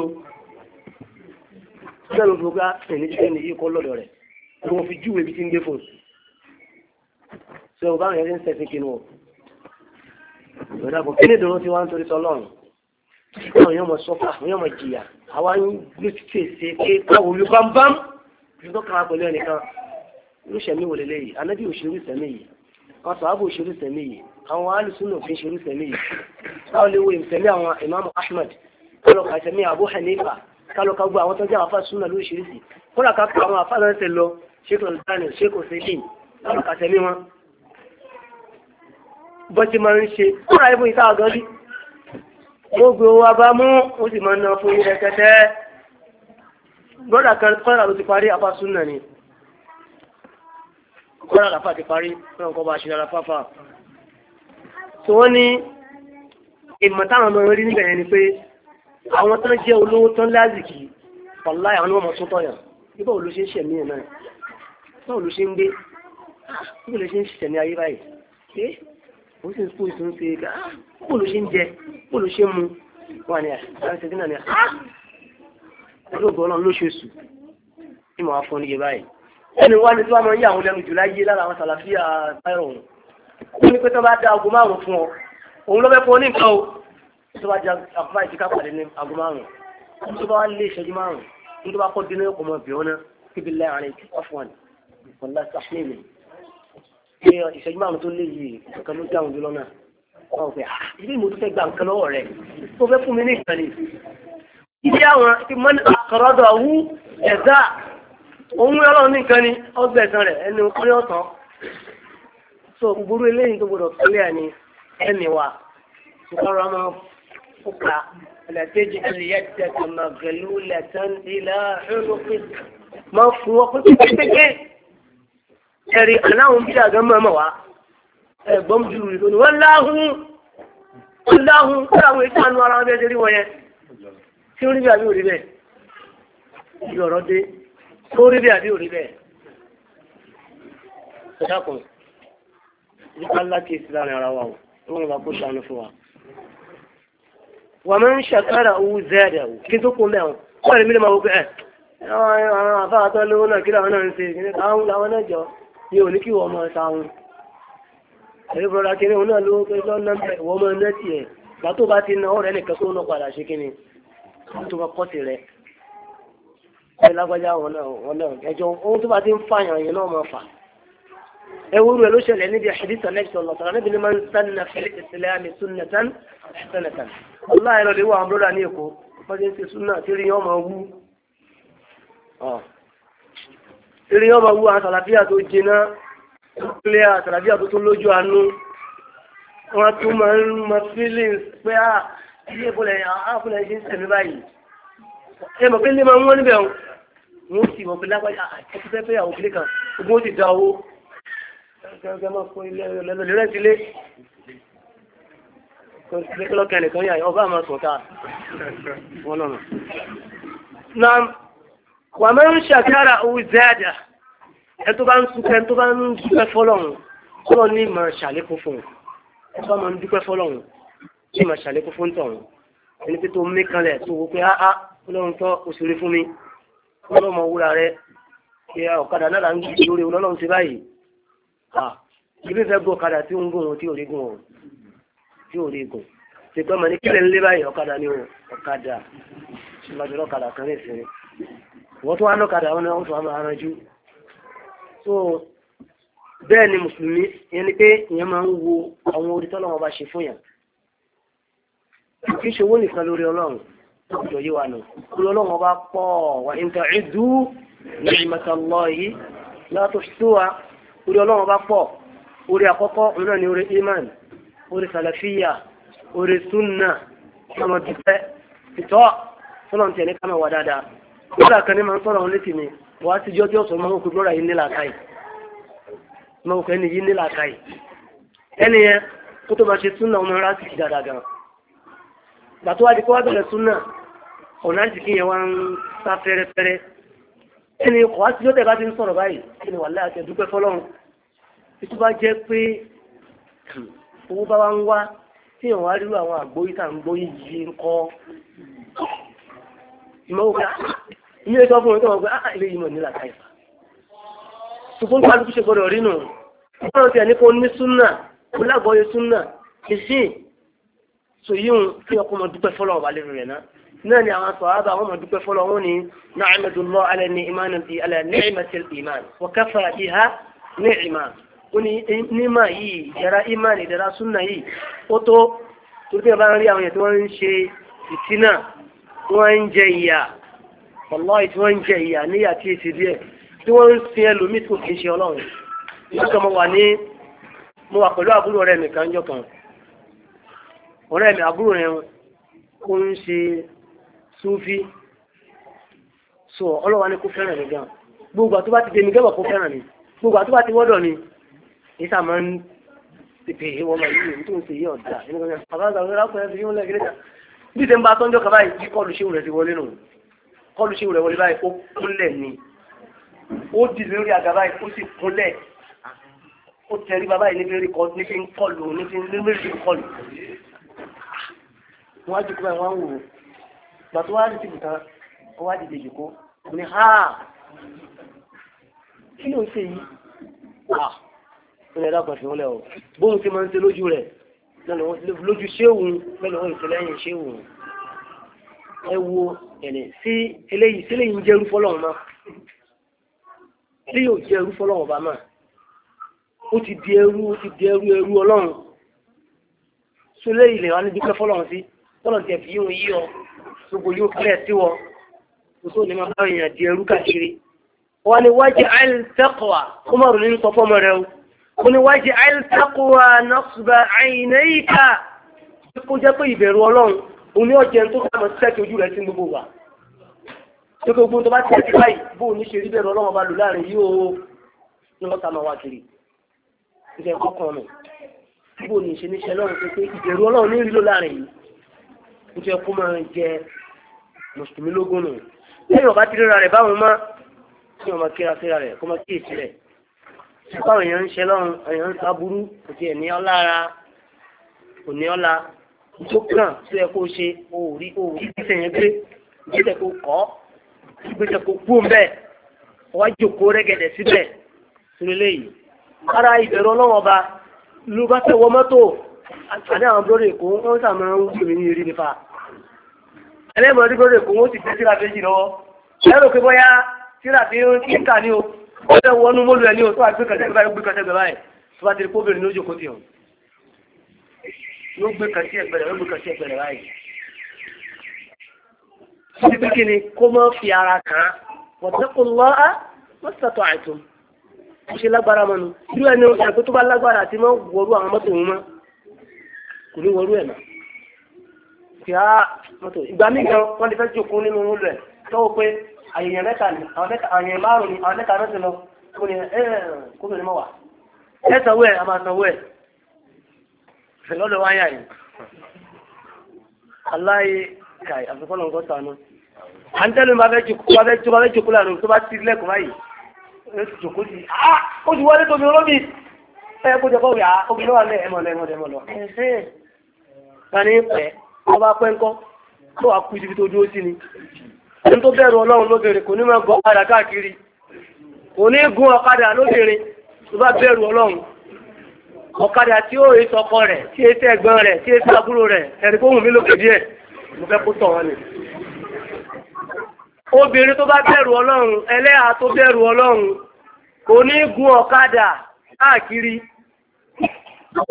A: bẹ́ẹ̀ ló fi gbá ẹni tí ẹni yìí kọ́ lọ́dọ̀ rẹ̀ ló fi júwèé ibi tí ń gbé fún ṣe ò báwọn ń sẹ́sìn kinu o ìrọ̀dàpọ̀ kí ni ìdùnnú tí wọ́n ń torí sọlọ́run àwọn èèyàn mọ̀ sọ́fà àwọn èèyàn mọ̀ jìyà àwa ń gbé sí tó kàn á pẹ̀lú ẹnìkan irú ìṣẹ̀mí wò lélẹ̀ yìí anábì òṣèlú ìṣẹ̀mí yìí àwọn sàábù òṣèlú ìṣẹ̀mí yìí àwọn alùsùnù òfin ìṣèlú ìṣẹ̀mí yìí táwọn lè wo ìṣẹ̀mí àwọn ìmáàmù Ahmad kálọ̀ka ìṣẹ̀mí Abu Hanifa kálọ̀ka gbọ́ àwọn tó jẹ́ àwọn afáàsùn náà lóríṣiríṣi kódà ká pọ̀ àwọn afáàsùn náà ṣe lọ ṣékò daniel ṣékò sẹ́yìn kálọ̀ka ìṣẹ̀mí wọn bọ́ ti máa ń ṣe kódà ibùn brọ́dà kan kọ́nà ló ti parí apá súnà ni kọ́nà làfà ti parí kọ́nà kọ́ bá ṣe lára fáfà tí wọ́n ní ìmọ̀ táwọn ọmọ rí níbẹ̀ yẹn ni pé àwọn tán jẹ́ olówó tán lásìkì pàlá àwọn ọmọ tó tọ̀yàn nígbà wo ló ṣe ń ṣẹ̀mí ẹ̀ náà báwo ló ṣe ń gbé nígbà ló ṣe ń ṣẹ̀mí ayé báyìí ṣé ó sì ń kó ìsún ṣe ká ah, ló ṣe ń jẹ bó ló ṣe ń mu wọn ni àti pẹ̀lú ògbọ́n náà lóṣooṣù ní màá fún níye báyìí ẹni wá ní tí wọ́n máa ń yà àwọn lẹ́nu jù láyé lára àwọn sàlàfíà báyọ̀ òun ó ní pé tó bá dá aago márùn-ún fún ọ òun ló fẹ́ fún ọ ní nǹkan o tó bá dá àbúrò ìdíkà pàdé ní aago márùn-ún tó bá wá lé ìṣẹ́jú márùn-ún ní tó bá kọ́ dín ní ọkọ̀ mọ́ bìọ́ náà kíbi lẹ́yìn ọ̀fọ̀n ọ̀la sàfihàn pé ìṣẹ́jú márùn-ún tó lé yìí nǹkan ló dáhùn jùlọ náà wọ́n fẹ́ ah, ilé ìmọ̀tò fẹ́ gba nǹkan ilé àwọn tí mọ́ni àkọ́rọ́dọ̀ wú ẹ̀dá òun ọlọ́run nìkan ni ọgbẹ́ ẹ̀sán rẹ̀ ẹni orí ọ̀tàn so gbogbo eléyìí tó gbọdọ̀ kílẹ̀ ni ẹni wa ṣùgbọ́n ọmọ fúkà ẹ̀lẹ́tẹ́jì ẹ̀lẹ́yẹ̀tẹ̀ tó máa gẹ̀lú lẹ́tàn ilẹ̀ ẹ̀rọ̀fẹ́ máa fún wọn kó tètè tètè ẹ̀rí aláwọn bí àgán máa mọ̀ wá ẹ̀gbọ́n jù rí lónìí wọ́n láhùn wọ́n láhùn kí àwọn ètò àánú ara wọn bẹ́ẹ̀ tí ó rí bí àbí òrí bẹ́ẹ̀ ìlú ọ̀rọ̀ dé tó rí bí àbí òrí bẹ́ẹ̀ ṣẹ́kùn nípa lákèsí láàrin ara wa o wọ́n bá kó sànú fún wa. wà máa ń ṣàkárà owó zẹ́ẹ̀dẹ̀ o kí n tó kún mẹ́wọ̀n wọ́n rí mílíọ̀nù máa wọ pé ẹ̀ eh, àwọn àfáà tó lówó náà kí làwọn náà ń ṣe àwọn làwọn náà jọ ní òní kí wọ́n máa sáwọn. ẹ̀rí bọ̀dá kiri òun náà lówó pé lọ́nà ìwọ́n máa ń nẹ́tì ẹ̀ gbà tó bá ti na ọ̀rẹ́ nìkan tó ń lọ padà ṣe kí ni tó bá kọ́sì rẹ̀ ẹ lágbájá wọn náà ẹjọ́ ohun tó bá ti ń fàyàn yẹn náà máa fà ẹwúrú ẹ ló ṣẹlẹ̀ níbi àṣìdíta lẹ́sọ̀ lọ́sọ̀rọ̀ níbi ní máa ń sánà fẹ́lẹ́ ìṣẹ̀lẹ̀ àmì sunnatan sunnatan ọláyẹ lọ lè wà àwọn bọ́dà ní èkó wọ́n ti ń ṣe súnà tí rí yọ́n máa wú rí yọ́n máa wú àwọn sàlàfíà tó jiná ilé àwọn sàlàfíà tó tún lójú àánú wọ́n tún máa ń mọ feelings pé ah, ilé bọ́lẹ̀ ààbùlẹ̀ ṣe ń sẹ̀mí báyìí ẹ mọ̀ pé lè máa ń wọ́n níbẹ̀ wọn wọ́n sì mọ̀ pé lágbájá àti fẹ́ fẹ́ àwọn òbílẹ̀ kan gbogbo ó ti da owó gẹ́gẹ́ máa kó ilé ọ̀lẹ́lẹ́ lórí ẹ̀sìn lé lọ́kẹ́ nìkan yà ọba àmọ́ sọ̀tà wọn lọ́nà. na wà máa ń ṣàkára owó zẹ́ẹ̀dà bá ń súnkẹ́ tó bá ń dúpẹ́ fọ́lọ́run kọ́ ní máa ṣàlékún fún un ẹ ń dúpẹ́ fọ́lọ́run kí máa ṣàlékún fún tọ̀hún ẹni pé tó mí kanlẹ̀ tó wò pé áá ah, ọlọ́run ah, tọ́ òṣèré fún mi ọlọ́mọ wúra rẹ kí ọ̀kadà náà là ń gbé lórí ọlọ́run ti báyìí ibi fẹ́ gun ọ̀kadà tí ń gùn o tí ò rí gùn o tí ò rí gùn ṣètò ọmọ ní kílẹ̀ ńlé báyìí ọ̀kadà ni o ọ̀kadà ṣùgbọ́n ọ̀kadà kan ní ìsinmi wọ́n tó wá lọ́kadà wọn náà ó tó wá máa ranjú so bẹ́ẹ̀ ni mùsùlùmí yẹn ni pé ìyẹn máa ń wo àwọn orí tọ́lọ́wọ́n bá ṣe fún yàn kì í ṣe owó nìkan lórí ọlọ́run tó kùjọ yé wa nù lórí ọlọ́run ọba pọ̀ wà in ta'iddu orí ọlọ́run orí ni orí iman orí sàlàfíà orí súnà ọmọ dùpẹ́ ìtọ́ sọ́nà tiẹ̀ ní ká máa wà dáadáa nígbà kan ní máa ń sọ̀rọ̀ òun létí mi wà á ti jọ́ tí ọ̀sán máa ń kú lọ́ra yìí nílà káì máa ń ẹni yìí nílà káì gbàtó wá di kó wá bẹ̀rẹ̀ súnà ọ̀nà àti kí yẹn wá ń sá fẹ́rẹ́fẹ́rẹ́ ẹni kọ̀ á ti yóò tẹ̀ka ti ń sọ̀rọ̀ báyìí ẹni wà láàkẹ́ dúpẹ́ fọlọ́run títú bá jẹ́ pé owó bá wá ń wá tí èèyàn wá rírú àwọn àgbóyí tá à ń gbóyí yìí ń kọ́ ìmọ̀wò pé ah, ilé ìtọ́ fún mi tó wọ́n pé áà ah, ilé nílà káyìfà ṣùgbọ́n so yíyún kí ọkọ mọ dúpẹ́ fọlọ́ ọba lérò rẹ̀ náà náà ni àwọn sọ̀rọ̀ àwọn ọmọ dúpẹ́ fọlọ́ wọn ni nàìmẹ̀tò lọ alẹ́ ní ìmánu ti alẹ́ nàìmẹ̀tì ìmán wọ́kẹ́ fara ìhá ní ìmá ó ní nímà yìí ìdára ìmán ìdára súnà yìí ó tó torí pé bá ń rí àwọn èèyàn tí wọ́n ń ṣe ìtinà tí wọ́n ń jẹ ìyà wàláì tí wọ́n ń jẹ ìyà níyà tí èsì díẹ̀ tí wọ́n ń sin ẹlòmíì tó kì í ṣe ọlọ́run mo wà pẹ̀lú àbúrò rẹ̀ nìkan jọ kan ọ̀rẹ́ mi àbúrò rẹ̀ ó ń ṣe súfí so ọlọ́wà ní kó fẹ́ràn mi gan gbogbo àti bá ti dèmi gẹ́bọ̀ kó fẹ́ràn mi gbogbo àti ti wọ́dọ̀ ni ìsà máa ń tètè wọ́n máa yí tó ń ṣe yí ọ̀dà nínú kan bàbá àgbà rẹ̀ rákùn ẹ̀ fi yún lẹ́gẹ̀rẹ́ ta bí ìṣe ń bá tọ́jọ́ kaba yìí kí ni ó di lórí àga báyìí ó sì kúnlẹ̀ ó tẹrí bàbá yìí níbi kọlu níbi wọ́n á jòkó wọ́n á wò wá rí tìbù wá dìde jòkó ó ní
C: ha
A: kí ló ń ṣe yìí ah ó lè dákọ̀ sí ọ́lẹ̀ o bóun ti máa ń ṣe lójú rẹ̀ lójú ṣéwùn pẹ̀lú ọ̀hún ìṣẹ̀lẹ̀yìn ṣéwùn ẹ wo ẹ̀lẹ̀ sí eléyìí sí eléyìí ń jẹ́rú fọ́lọ́run náà tí yóò jẹ́ ẹrú fọ́lọ́run bá máa ó ti di ẹrú ó ti di ẹrú ẹrú ọlọ́run sólé ilẹ̀ wa níbi pẹ́ fọ́lọ́run sí tọ́lọ̀ tẹ̀ fi yóò yí ọ gbogbo yóò kílẹ̀ sí wọ kòtò ní máa bá èèyàn di ẹrú káàkiri wọ́n ni wájú àìlítẹ́kọ̀ọ́ kó má rò ní sọ fọ́mọ rẹ o wọ́n ni wájú àìlítẹ́kọ̀ọ́ nọ́ọ̀sùbà àìnáyíká kó jẹ́ pé ìbẹ̀rù ọlọ́run òun ni ọ̀jẹ̀ tó kà mọ́ sẹ́kì ojú rẹ̀ sí gbogbo wa tó gbogbo tó bá tẹ̀ sí báyìí bó ní ṣe rí bẹ̀rù ọlọ́run ọba lò láàrin yìí o ní wọ́n ta máa wá kiri ìbẹ̀rù ọkàn mi bó ní ṣe ní ṣe lọ́run pé ìbẹ̀rù ọlọ́run ní rí lò láàrin yìí nítorí ẹkú máa ń jẹ mùsùlùmí lógún nù lẹ́yìn ọba tí ríra rẹ̀ báwọn mọ́ tí wọ́n máa kíra síra rẹ̀ kó máa kíyè sílẹ̀ ṣùgbọ́n àwọn èèyàn ń ṣe lọ́run èèyàn ń sábúrú kò tiẹ̀ ní ọ́ lára kò ní ọ́ la tó kàn tó yẹ kó ṣe òórí òórí ìgbésẹ̀ yẹn gbé ìgbésẹ̀ kó kọ́ ìgbésẹ̀ kó kú mbẹ́ wá jòkó rẹ́gẹ̀dẹ̀ síbẹ̀ sílé léyìí ara ìbẹ̀rù ọlọ́wọ́ ba ló bá tẹ̀wọ́ mọ́tò àti àwọn bróde kò ń sàmọ́ ń gbèmí ní eré nípa ẹlẹ́bọ̀n tí kò lè kún ó sì gbé síra méjì lọ́wọ́ ẹ̀rọ pé bọ́yá síra tí ó ń kà ní o ó fẹ́ wọnú mọ́lù ẹ̀ ní o tó wà gbé kẹsẹ̀ báyìí gbé kẹsẹ̀ báyìí tó bá ti rí kóbìnrin ní ojókòó tiẹ̀ ló gbé kẹsẹ̀ ẹgbẹ̀rẹ̀ ló gbé kẹsẹ̀ ẹgbẹ̀rẹ̀ báyìí. títí pé kí ni kó mọ́ fi ara kàn án wọ̀tẹ́kùn lọ́ á wọ́n sàtọ̀ àìtún ó ṣe lágbára mọ́nu irú ẹni ẹgbẹ́ tó bá lágbára àti mọ́ wọrú àwọn mọ́tò òun mọ́ kò ní wọrú ẹ̀ náà pé á ah, mọ́tò ìgbà míì gan wọ́n ti fẹ́ jòkó nínú irú rẹ̀ tọ́wọ́ pé àyèyàn mẹ́ta ni àwọn mẹ́ta àyèyàn márùn ni àwọn mẹ́ta náà ti lọ kó ni ẹ kó mi ni mọ̀ wá ẹ sanwó a máa sanwó ẹ lọ́dọ̀ wáyà yìí aláyé kàì àfikún náà ń gọ́ta náà à ń tẹ́lẹ̀ bá fẹ́ jòkó bá fẹ́ jòkó bá fẹ́ jòkó lánàá tó bá ti lẹ́kùn báyìí ó ti jòkó sí i ah, ó ti wọlé tóbi olómi ẹ kó jẹ kó ah, obìnrin wà lẹ́ ẹ̀mọ̀ lọ ta ni pẹ́ ọba pẹ́ńkọ́ tó wà kú ibi tó dúró sí ni ẹni tó bẹ̀rù ọlọ́run lóbìnrin kò ní mọ̀ gọ́ ọ̀kadà káàkiri kò ní gun ọ̀kadà lóbìnrin tó bá bẹ̀rù ọlọ́run ọ̀kadà tí ó èso ọkọ rẹ̀ tí èso ẹ̀gbọ́n rẹ̀ tí èso àbúrò rẹ̀ ẹ̀rí kó wù mí lókè díẹ̀ mo fẹ́ kó tọ̀ wọn ni. obìnrin tó bá bẹ̀rù ọlọ́run ẹlẹ́yà tó bẹ̀rù ọlọ́run kò ní gun ọ̀kadà káàkiri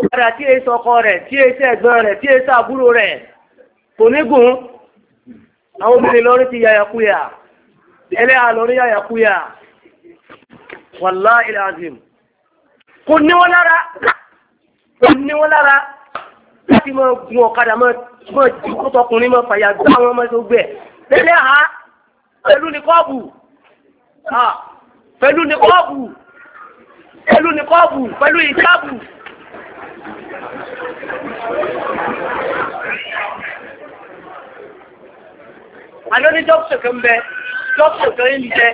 A: ọ̀kadà tí èso ọkọ rẹ̀ tí èso ẹ̀gbọ́n rẹ̀ tí èso àbúrò rẹ̀ kò ní gùn àwọn obìnrin lọ́rí ti yàyàkúyà ẹlẹ́yà lọ́rí yàyàkúyà wallahi alazim kò ní wọ́n lára kò ní wọ́n lára láti mọ gun ọ̀kadà mọ mọ ìkótọkùnrin mọ fàyà gbá àwọn ọmọ tó gbẹ lẹ́lẹ́ ha pẹ̀lú ní kọ́ọ̀bù pẹ̀lú ní kọ́ọ̀bù pẹ̀lú ní kọ́ọ̀bù pẹ̀lú ìjáàbù. àjọ ní kan bẹ kan ń jẹ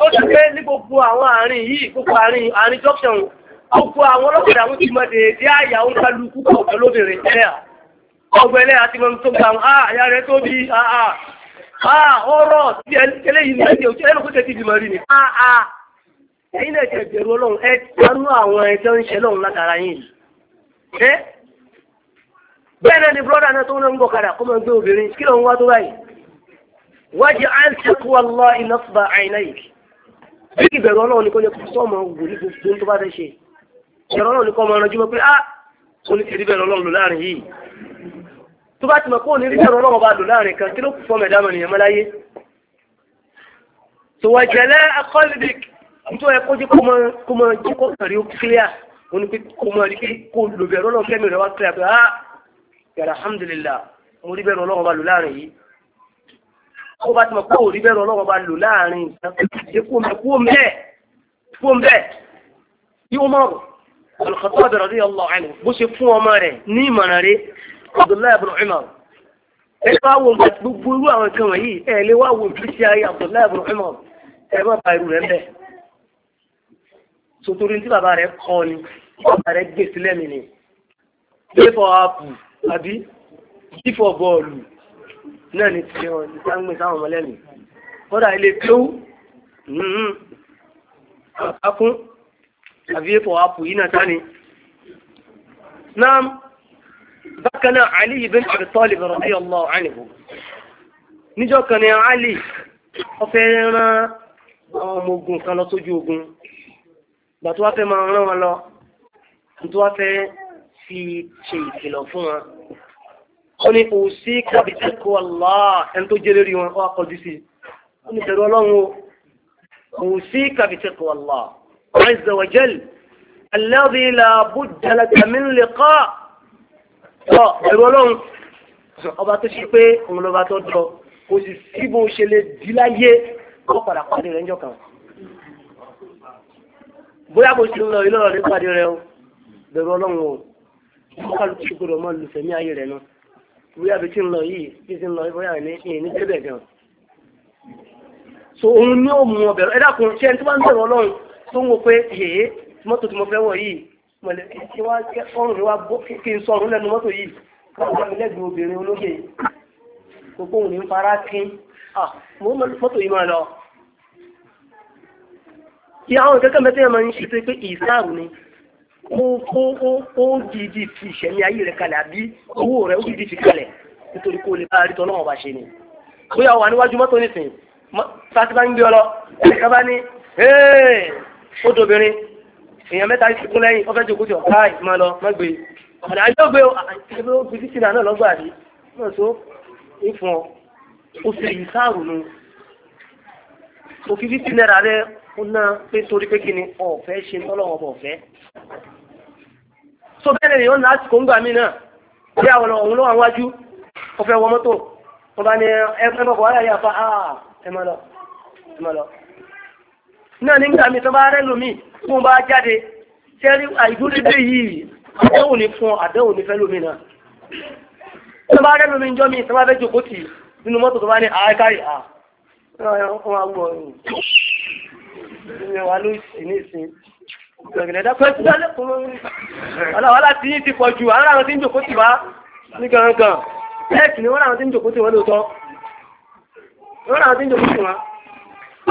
A: ó ti pé ní gbogbo àwọn àárín yìí arin àárín dọ́kítọ̀ gbogbo àwọn ọlọ́pàá ti mọ dèédé àyà ń kalu kúkọ ọ̀gbẹ́lóbìnrin ẹlẹ́à ọ̀gbẹ́lẹ́ àti mọ tó gbà wọn àyà ah, rẹ tó bí ọ̀rọ̀ ah, ah, tí eléyìí ní òjò ti bímọ rí ni ẹ̀yin náà ti bẹ̀rù Ọlọ́run ẹ àwọn ẹjọ́ ń ṣe lọ́run látara yìí bẹ́ẹ̀ náà ni bọ́dà náà tó waj'al taqwa Allahi nasba aynayk bí ìbẹ̀rù ọlọ́run ni kò lè kó sọ́ọ̀mù wò ní gbogbo tó bá fẹ́ ṣe ìbẹ̀rù ọlọ́run ni kò mọ ọ̀rànjú pé ah kò ní tẹ̀lé bẹ̀rù ọlọ́run lò láàrin yìí tó bá ti mọ̀ kó ní rí bẹ̀rù ọlọ́run bá lò láàrin kan kí ló kù fọ́ọ̀mù ẹ̀dá mọ̀nìyàn mọ́láyé tó jẹ̀lẹ́ akọ́lìbìk tó yẹ kó jẹ́ kó mọ jẹ́ kó kàrí ó kílíà ó ní pé kó mọ rí pé kó lò bẹ̀rù ọlọ́run kó bá ti mọ̀ pé òrí bẹ́ẹ̀ ọlọ́wọ́ bá lò láàrin ìṣẹ́ kó mẹ́ kó mẹ́ kó mẹ́ bí ó mọ̀rọ̀ olùkọ́tọ́ bẹ̀rẹ̀ rí ọlọ́ àìní bó ṣe fún ọmọ rẹ̀ ní ìmọ̀ràn rẹ̀ Abdullahi ibn Umar ẹ bá wo gbogbo irú àwọn nǹkan wọ̀nyí ẹ lè wá wo ìgbésí ayé Abdullahi ibn Umar ẹ má ba irú rẹ̀ bẹ́ẹ̀ sotori tí bàbá rẹ̀ kọ́ ni bàbá rẹ̀ gbèsè lẹ́mìí ni gbé fọ àpù àbí jífọ̀ bọ́ọ̀lù náà ní ti ìtàgbé sáwọn ọmọlẹ́ni kódà ilé kéwú mm-hmm. àkún àbí ipò àpò yìí náà tání náà bákan náà Ali ibn Abi Talib radiyallahu anhu níjọ́ kan ní Ali ọfẹ́ rán àwọn ọmọ ogun kan lọ sójú ogun gbà tó wá fẹ́ máa rán wọn lọ tó wá fẹ́ fi ṣe ìkìlọ̀ fún wọn ó ní òsì kábítẹ́kọ̀ ọ̀la ẹni tó jẹ́ lórí wọn ọkọ̀jú sí ó ní bẹ̀rù ọlọ́run o òsì kábítẹ́kọ̀ ọ̀la azza wa jal alladhi la budda laka min liqa ọ bẹ̀rù ọlọ́run ọba tó ṣe pé òun lọ́ba tó dọ̀ kò sì sí bó ṣe lè dí láyé kó padà pàdé rẹ̀ ńjọ́ kan
C: bóyá bó ṣe lọ ilé ọ̀rẹ́ pàdé
A: rẹ̀ o bẹ̀rù ọlọ́run o bóyá bí tí ń lọ yìí bí tí ń lọ bóyá ní ìní débẹ̀ gan. so òun ni ó mú ọ bẹ̀rù ẹ dákun ẹni tí wọ́n ń bẹ̀rù ọlọ́run tó ń wo pé yèé mọ́tò tí mo fẹ́ wọ̀ yìí mọ̀lẹ́ kí wọ́n ọrùn rẹ wá bó kí n sọ ọrùn lẹ́nu mọ́tò yìí káwọn mi lẹ́gbẹ̀ẹ́ obìnrin olóyè gbogbo òun ní ń fara kín ah mọ́tò yìí máa lọ. ìyá àwọn kẹ́kẹ́ mẹ́tẹ́ ó dìídì fi ìṣẹ̀mí ayé rẹ̀ kalẹ̀ àbí owó rẹ̀ ó dìídì fi kalẹ̀ nítorí kó lè bá àrítọ́ náà bá ṣe ni bóyá wà níwájú mọ́tò nìsín sáti bá ń gbé ọ lọ ẹ̀ka bá ní ó dobìnrin èèyàn mẹ́ta ti kún lẹ́yìn ọ̀fẹ́ jòkó tí ọ̀ká ìmọ̀ lọ mọ́gbé ọ̀dà ayé ògbé ẹgbẹ́ ó fi títí náà lọ́gbà rí náà tó ń fún ọ ó fi èyí sáàrù nu òfin fífi náírà rẹ ó ná pé torí pé kí ni ọ̀fẹ́ ṣe tọ́lọ́wọ́ ọ̀fẹ́ so bẹ́ẹ̀ ni wọ́n lásìkò ń gbà mí náà bí àwọn òun ló wà wájú ó fẹ́ wọ mọ́tò wọ́n bá ní ẹgbẹ́ bọ̀ wọ́n yà fa áà ẹ máa lọ ẹ máa lọ. náà nígbà mi tó bá rẹ́ lómi fún un bá jáde sẹ́rí àìdúrídé yìí àdéhùn ní fún àdéhùn ní fẹ́ lómi náà. tó bá rẹ́ lómi jọ́ mi tó bá fẹ́ jòkó tì nínú mọ́tò tó bá ní àákárì ah, à ah. wọ́n wá gbọ́ ọ̀rùn. ìyẹn wà ló sì ní ìsìn gbẹ̀gẹ̀lẹ̀ dákọ̀ ẹ̀ sílẹ̀ lẹ́kùnrin ọlọ́wọ́ láti yí ti pọ̀ jù àwọn àwọn tí ń ni wọ́n àwọn tí ń jòkó tì wọ́n lóòótọ́ wọ́n àwọn tí ń jòkó tì wọ́n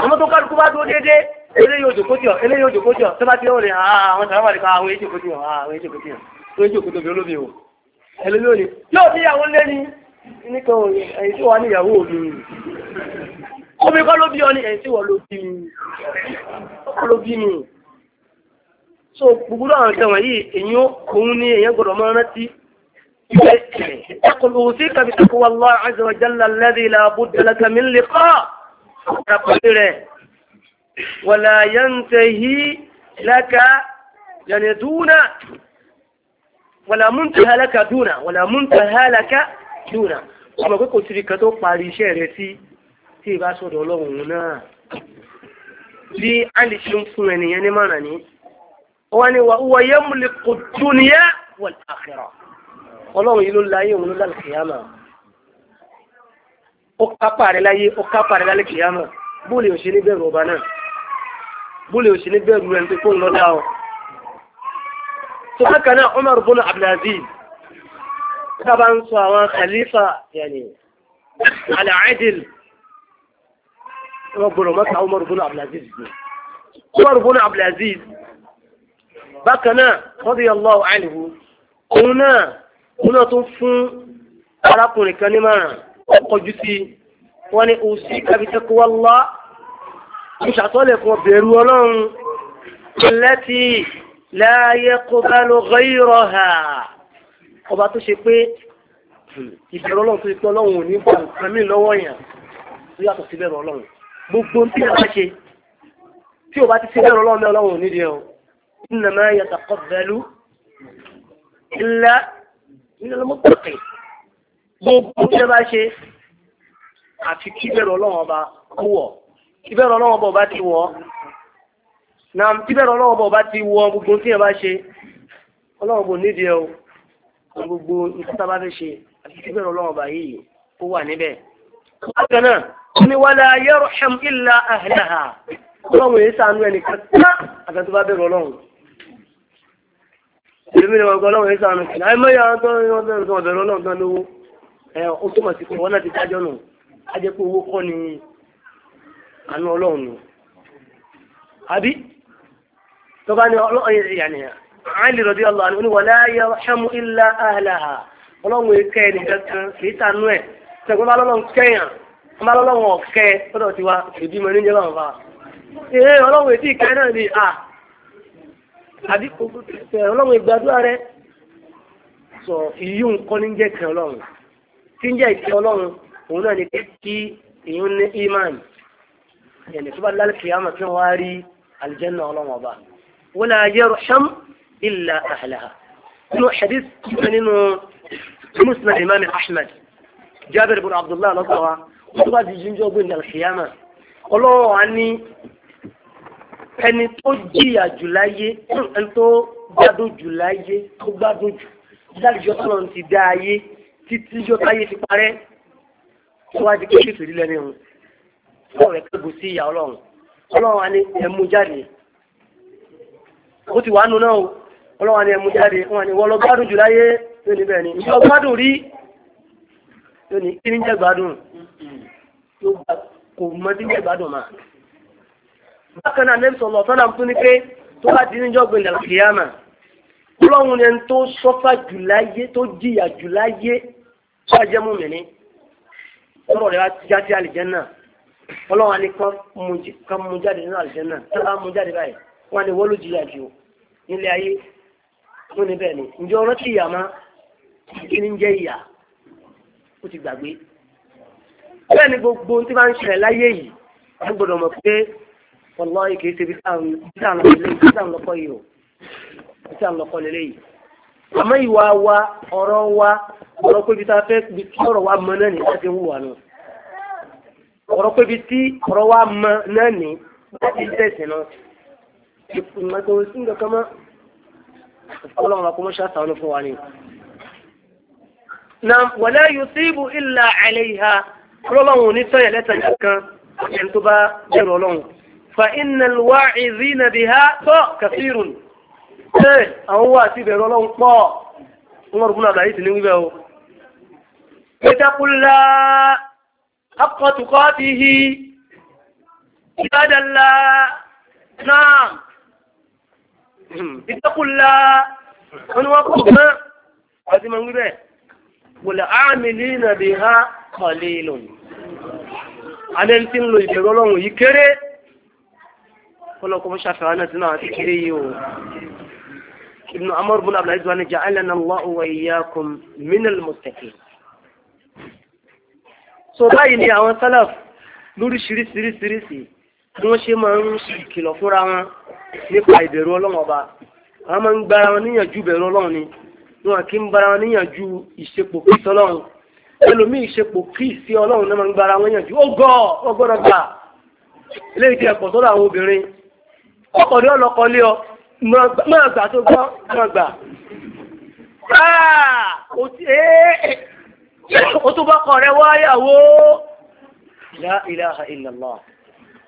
A: àwọn tó kálukú bá dúró déédé eléyìí òjòkó tì ọ́ eléyìí òjòkó tì ọ́ tó bá ti rọrùn ah, àwọn sàrábà nìkan àwọn èjòkó ah, tì ọ́ àwọn èjòkó tì ọ́ tó èjòkó tóbi olómi o ẹlẹ́lẹ́ òní yóò ní ìyàwó lé ní so gbogbo àwọn ìjọ wọ̀nyí èyí òun ní èyàn gbọdọ̀ máa rántí ẹkùn òun sí kàbí tó wà lọ azza wa jalla alladhi la budda laka min liqa àpàlẹ́ rẹ̀ wala yantahi laka yàní dúnà wala muntaha laka dúnà wala muntaha laka dúnà ọmọ pé kò sí ìkan tó parí iṣẹ́ rẹ̀ sí tí ìbá sọ̀dọ̀ ọlọ́run náà bí a lè ṣe ń fún ẹnìyàn ní mọ̀ràn ní wọ́n ní wọ́n
B: yẹ́ múlẹ̀ kò dúnìyà
A: wọ́n àkìrà ọlọ́run yìí ló láyé òun ló lálẹ́ kìyàmà ó kápá rẹ̀ láyé ó kápá rẹ̀ lálẹ́ kìyàmà bóòlì ò ṣe ní bẹ̀rù ọba náà bóòlì ò ṣe ní bẹ̀rù ẹni tó kó ń lọ dá ọ. náà Umar bin Abdulaziz sábà ń sọ àwọn khalifa yẹnì alaadil wọ́n gbọ́dọ̀ mọ́ta Umar bin Abdulaziz gbé Umar bin Abdulaziz. bákan náà radiyallahu anhu òun náà òun náà tó fún arákùnrin kan nímọ̀ràn ọkọ̀jú sí wọ́n ní òsì abitakuwalá mo ṣàtọ́lẹ̀ fún ọbẹ̀rù ọlọ́run lẹ́tì la yaqbalu ọba tó ṣe pé ìbẹ̀rù ọlọ́run tó lọ́wọ́ yẹn tó yàtọ̀ sí ọlọ́run gbogbo a tí bá ti ọlọ́run إنما يتقبل إلا من المتقين gbogbo tẹ́ bá ṣe àfi kí bẹ̀rù ọlọ́run ọba kó wọ̀ kí bẹ̀rù ọlọ́run ọba ọba ti wọ̀ na kí bẹ̀rù ọlọ́run ọba ọba ti wọ̀ gbogbo tí ẹ bá ṣe ọlọ́run ọba nídìí ẹ o gbogbo nǹkan tá a bá fẹ́ ṣe àfi kí bẹ̀rù ọlọ́run yìí kó wà níbẹ̀. bákan náà ó ní wala yarham illa ahlaha ọlọ́run yìí sànú ẹnìkan ká àgbẹ̀ tó bá èmi ni ọgọ́ ọlọ́run yìí sànù kìnnà ẹ̀mọ́ yà tó ń wọ́n tó ń bẹ̀rẹ̀ ọlọ́run tán lówó ẹ̀ ó tó mọ̀ sí pé wọ́n náà dájọ́ nù á pé owó kọ́ ni àánú ọlọ́run nù. àbí tó bá ní ọlọ́run yà nìyà àìlè rọ̀bí ọlọ́run ní wọ́n láyé ṣẹ́mu ilá àhàlàhà ọlọ́run yìí kẹ́ ẹnì kankan kì í tànú ẹ̀ sẹ́gun bá lọ́lọ́run kẹ́yàn bá lọ́lọ́run ọ̀kẹ́ lọ́dọ̀ àbí kò fẹ̀rẹ̀ ọlọ́run ìgbàdúrà rẹ sọ ìyí nǹkan ní jẹ́ ìkẹ́ ọlọ́run tí ń jẹ́ ìkẹ́ ọlọ́run òun náà ni pé kí èèyàn ní imán ẹni tó bá lálẹ́ kìyàmà kí wọ́n á rí aljanna ọlọ́run ọba wala yarham illa ahlaha nínú hadith nínú musnad imam ahmed jabir bin abdullah lọ́sọ̀wá wọ́n bá di jíjọ́ gbé ní alkiyama ọlọ́run á ní ẹni tó jìyà jù láyé ẹni tó gbádùn jù láyé tó gbádùn jù dájọ́ tó lọ́n ti dá ayé títí yóò táyé fi parẹ́ tó wá di pé kékeré lẹ́nu ìhun tó rẹ̀ kẹ́gùn sí ìyá ọlọ́run ọlọ́run wa ni ẹ̀mú jáde ó ti wà nù náà o ọlọ́run wa ni ẹ̀mú jáde wọn ni wọ́n lọ gbádùn jù láyé yóò ní bẹ́ẹ̀ ni ìjọ gbádùn rí yóò ní kí ní jẹ́ gbádùn yóò gbà kò mọ tí jẹ́ gbádùn máa bákan náà nẹ́bí sọ̀lọ̀ sọ́dà tó ní pé tó bá di níjọ́ gbé ìdàlù kìyàmà ọlọ́run ẹni tó sọ́fà jùláyé tó jìyà jùláyé tó bá jẹ́ mú mi ní ọ̀rọ̀ rẹ̀ wá ti já sí àlìjẹ́nà ọlọ́run àni kan mú jáde nínú àlìjẹ́nà tó bá mú jáde báyìí wọ́n á ní wọ́n ló jìyà jù nílé ayé ó ní ni ǹjẹ́ ọ̀rọ̀ ti yà má kí ni ń jẹ́ ìyà ó ti gbàgbé bẹ́ẹ̀ ni gbogbo tí bá ń ṣẹlẹ̀ láyé yìí wọláyé kìí ṣe bí sáà ń lọ́kọ́ yìí o bí sáà ń lọ́kọ́ lélẹ́ yìí. àmọ́ ìwà wa ọ̀rọ̀ wa ọ̀rọ̀ pé bí sáà fẹ́ bí kí ọ̀rọ̀ wa mọ náà ní láti ń wà nù. ọ̀rọ̀ pé bí tí ọ̀rọ̀ wa mọ náà ní láti ń tẹ̀sí náà. ìpínlẹ̀ tó ń sìn kankan mọ́ ọlọ́run àkọ́mọ́ ṣàtàwọn fún wa ni. na wala yusibu illa alayha ọlọ́run ò ní sọ̀yẹ̀ lẹ́tà kankan ẹni فإن الواعظين بها كثير ايه هو تبير لهم طا عمر بن عبد العزيز نوي به اتقوا الله حق تقاته عباد الله نعم اتقوا الله من وقفنا هذه من وقفنا والعاملين بها قليل أنا أنتم لو لهم يكره kọ́lọ́kọ́ mọ́ ṣàfihàn náà sínú àwọn kékeré yìí o ibn amr bin abdulaziz wa ni ja'alana allah wa iyyakum min al-muttaqin so báyìí ni àwọn salaf
B: lóríṣiríṣiríṣiríṣi
A: ṣe máa ń kìlọ̀ fúnra wọn nípa ìbẹ̀rù ọlọ́run ọba àwọn máa ń gbára wọn níyànjú bẹ̀rù ọlọ́run ni wọn kì í bára wọn níyànjú ìṣepò kí sọlọ́run ẹlòmíì ìṣepò kí sí ọlọ́run náà máa ń gbára wọn níyànjú ó gọ́ ọ gbà eléyìí ti ẹ̀pọ̀ sọ́dọ̀ àwọn obìnrin ọkọ̀ ní ọlọ́kọ̀ lé ọ máa gbà tó gbọ́ máa gbà. o tún bá kọ̀ rẹ wáyàwó. la ilaha illallah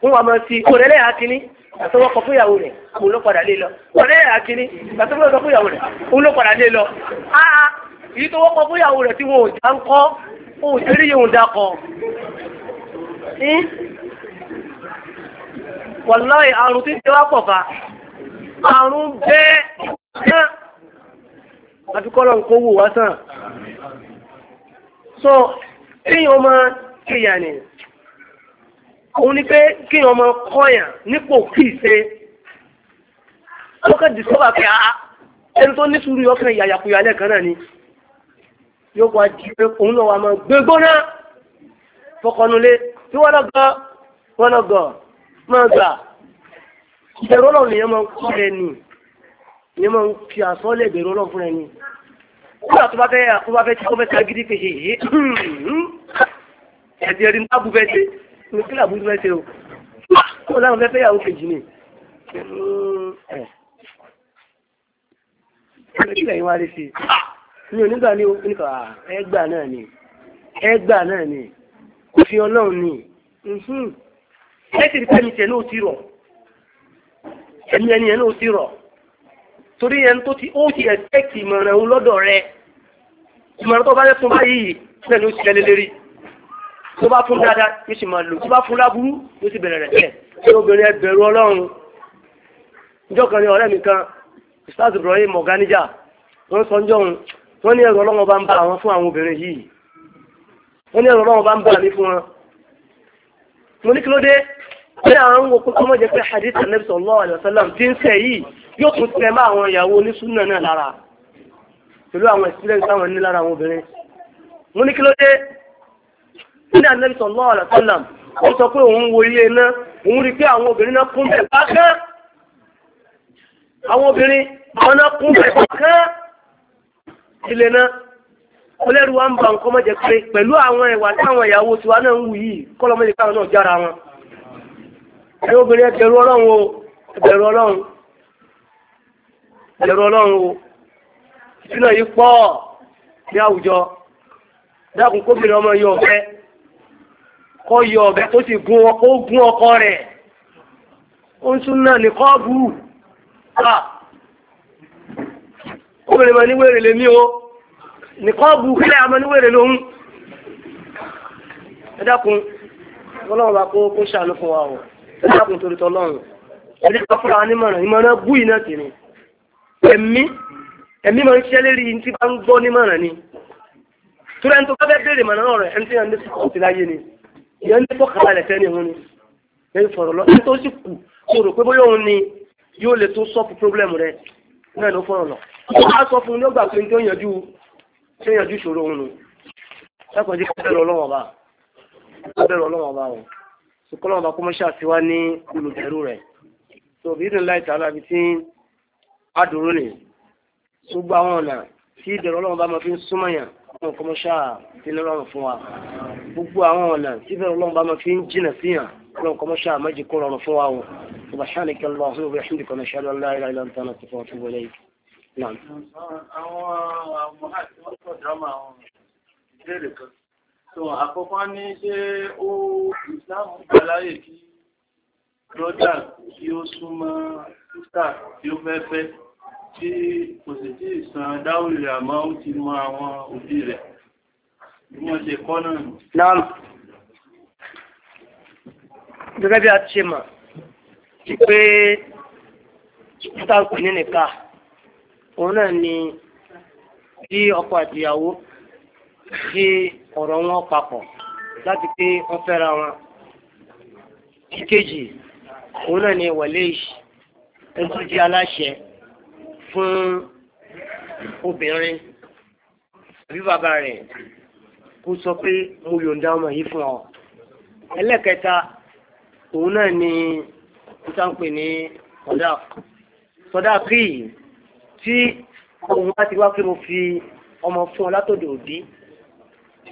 A: wọ́n wà máa ti ọ̀rẹ́ lẹ́yà kínní àtọwọ́ kọ fún ìyàwó rẹ̀ òun ló padà lé lọ ọ̀rẹ́ lẹ́yà kínní àtọwọ́ kọ fún ìyàwó rẹ̀ òun ló padà lé lọ. aa èyí tó wọ́pọ̀ fún ìyàwó rẹ̀ tí wọn ò já ń kọ́ wọn ò jẹ́rí yìí ń dakọ̀ wàláì àrùn tí ń tẹ́wà pọ̀ fa àrùn bẹ́ẹ̀ náà
B: àti kọ́lọ̀ nǹkan wò wá sàn.
A: so kíyàn ọmọ kíyà ni òun ni pé kíyàn ọmọ kọ́yàn nípò kí ṣe ọkọ̀ dìsọ́bà pé a ah, ah, ẹni tó ní ọkàn ìyàyàkuyà lẹ́ẹ̀kan náà ni yóò wá jí pé òun náà wà máa gbégbóná fọkànnulé tí wọ́n náà gọ́ wọ́n náà gọ́ máa gbà ìbẹ̀rù ọlọ́run nìyẹn máa ń kọ́ rẹ nì ìyẹn máa ń fi àsọ́lẹ̀ ìbẹ̀rù ọlọ́run fún rẹ nì nígbà tó bá fẹ́ tó bá fẹ́ tí ó fẹ́ ta gidi pé hehe
C: ẹ̀dì ẹ̀rí nígbà búfẹ́ ṣe
A: ní kílà búfẹ́ ṣe o ah, kó láwọn fẹ́ fẹ́yàwó kejì ni
C: hmm,
A: eh. kílẹ̀ yín wá lè ṣe ah, ní onígbà ní oníkà ah, ẹgbà náà ni ẹgbà náà ni kò fi ọlọ́run ni. Hmm, hmm ẹ̀sìn pẹ́mi tẹ̀ náà ti rọ̀ ẹ̀mí ẹni ẹ̀ náà ti rọ̀ torí ẹni tó ti ó ti ẹ̀sẹ̀kì ìmọ̀ràn òun lọ́dọ̀ rẹ ìmọ̀ràn tó bá fẹ́ fún báyìí bẹ́ẹ̀ ni ó ti lẹ́lẹ́ lérí tó bá fún dáadáa yóò sì máa lò tó bá fún láburú yóò sì bẹ̀rẹ̀ rẹ̀ tẹ̀ ṣé obìnrin ẹgbẹ̀rú pé àwọn wo kókó mọ́jẹ pé hadith anabi sallallahu alaihi wasallam tí ń sẹ yìí yóò tún sẹ mọ́ àwọn ìyàwó onísúnà náà lára pẹ̀lú àwọn experience àwọn ní lára àwọn obìnrin mo ní kí ló dé ní anabi sallallahu alaihi ó sọ pé òun wo ilé iná òun rí pé àwọn obìnrin náà kún bẹ̀ bákan àwọn obìnrin àwọn náà kún bẹ̀ bákan ilé náà ọlẹ́rù wa ń ba nǹkan mọ́jẹ pé pẹ̀lú àwọn ìwà táwọn ìyàwó tiwa náà ń wù yìí kọ́lọ́mọ́jẹ káwọn náà jára wọn
B: ẹ̀rọ obìnrin ẹ̀tẹ̀rù ọlọ́run o ẹ̀tẹ̀rù ọlọ́run ẹ̀tẹ̀rù ọlọ́run o ìṣúná yìí pọ̀ ní àwùjọ dákun
A: kóbìnrin ọmọ yọ ọ̀fẹ́ kọ́ yọ ọ̀bẹ tó sì gún ọkọ ó gún ọkọ rẹ̀ ó ń sún náà ní kọ́ọ̀bù obìnrin ma ní lè mí o ní kọ́ọ̀bù kílẹ̀ àmọ́ ní lòun ẹ dákun ọlọ́run bá kó kó ṣàánú fún wa o láàbùn torí tọ́lọ́run ẹni tó fúnra wa nímọ̀ràn ìmọ̀ràn bú iná tì ní ẹ̀mí ẹ̀mí máa ń ṣiṣẹ́ lérí tí bá ń gbọ́ nímọ̀ràn ni torí ẹni tó bá fẹ́ béèrè mọ̀ràn rẹ̀ ẹni tí yẹn ń lé sọ̀rọ̀ sí láyé ni ìyẹn ń lé fọ́kàlà rẹ̀ fẹ́ ni òun ni lẹ́yìn fọ̀rọ̀ lọ ẹni tó sì kù kó rò pé bóyá òun ni yóò lè tó sọ́ọ̀pù pírọ́blẹ́mù rẹ̀ náà ló fọ̀rọ̀ lọ. ó bá sọ fún un ní ọgbà pé tí sùkọ́lọ́ ọba kọ́mọ́ṣà ti wá ní olùbẹ̀rù rẹ̀ tó bí nínú láì tààlà bí tí a dúró ní gbogbo àwọn ọ̀nà tí ìbẹ̀rù ọlọ́run bá máa fi ń súnmọ́yàn àwọn kọ́mọ́ṣà ti ní rọrùn fún wa gbogbo àwọn ọ̀nà tí ìbẹ̀rù ọlọ́run bá máa fi ń jìnà síyàn ọlọ́run kọ́mọ́ṣà méjì kó rọrùn fún wa o subhanaka allahumma wa bihamdika nashhadu an la ilaha illa anta nastaghfiruka wa natubu ilayk
C: Àwọn
B: àwọn àmọ́ àti wọ́n kan. So àkọ́kọ́ ní ṣe ó ìsìláàmù aláyè kí brọ́dà kí ó súnmọ́ sísà tí ó fẹ́ fẹ́ tí kò sì tí ìsan dáwìrì àmọ́ ó ti mọ àwọn òbí rẹ̀. Bí wọ́n ṣe kọ́ náà nù. Náà
A: gẹ́gẹ́ bí a ti ṣe mọ̀ ti pé títà pè ní nìka òun náà ni bí ọkọ àtìyàwó kí ọ̀rọ̀ wọn papọ̀ láti pé wọ́n fẹ́ra wọn. ìkejì òun náà ni wàlẹ́ẹ̀ṣì ẹni tó jẹ́ aláṣẹ fún obìnrin àbí bàbá rẹ̀ kó sọ pé mo yọ̀ǹda ọmọ yìí fún ọ. ẹlẹ́kẹta òun náà ni níta ń pè ní sọdá kí tí òun bá ti wá pé mo fi ọmọ fún ọ látọ̀dọ̀ òbí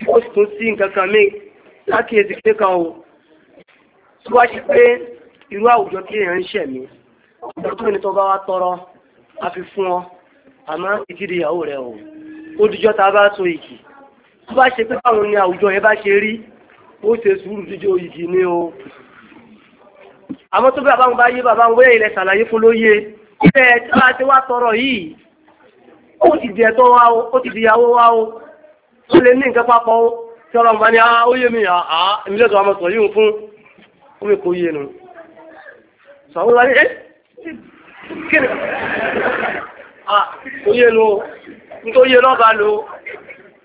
A: ó sì tún sí nǹkan kan mí láti èsì pé kan o tó wá ṣe pé irú àwùjọ tí èèyàn ń ṣẹ̀ mí ọ̀dọ́ tó ní bá wá tọrọ a fi fún ọ àmọ́ ìdílé ìyàwó rẹ o ó dijọ́ ta bá so ìkì tó bá ṣe pé báwọn ni àwùjọ yẹn bá ṣe rí ó ṣe sùúrù díjọ́ ìkì ni o àmọ́ tó bí àbáwọn bá yé bàbá wọn wẹ́yìn ilẹ̀ ṣàlàyé fún lóye ilẹ̀ tí wọ́n ti wá tọrọ yìí ó ti di ẹ̀tọ́ wa o ó ti di ìyàwó wa o ó lè ní nǹkan papọ̀ tí ọ̀rọ̀ mọ̀ ní ah, ó yé mi àá ìmílẹ̀ tó àmọ́ sọ yìí fún ó kò yé nu sọ̀rọ̀ wáyé ẹ́ eh,
C: kí ni ah,
A: kò yé nu nítorí yé lọ́ba lò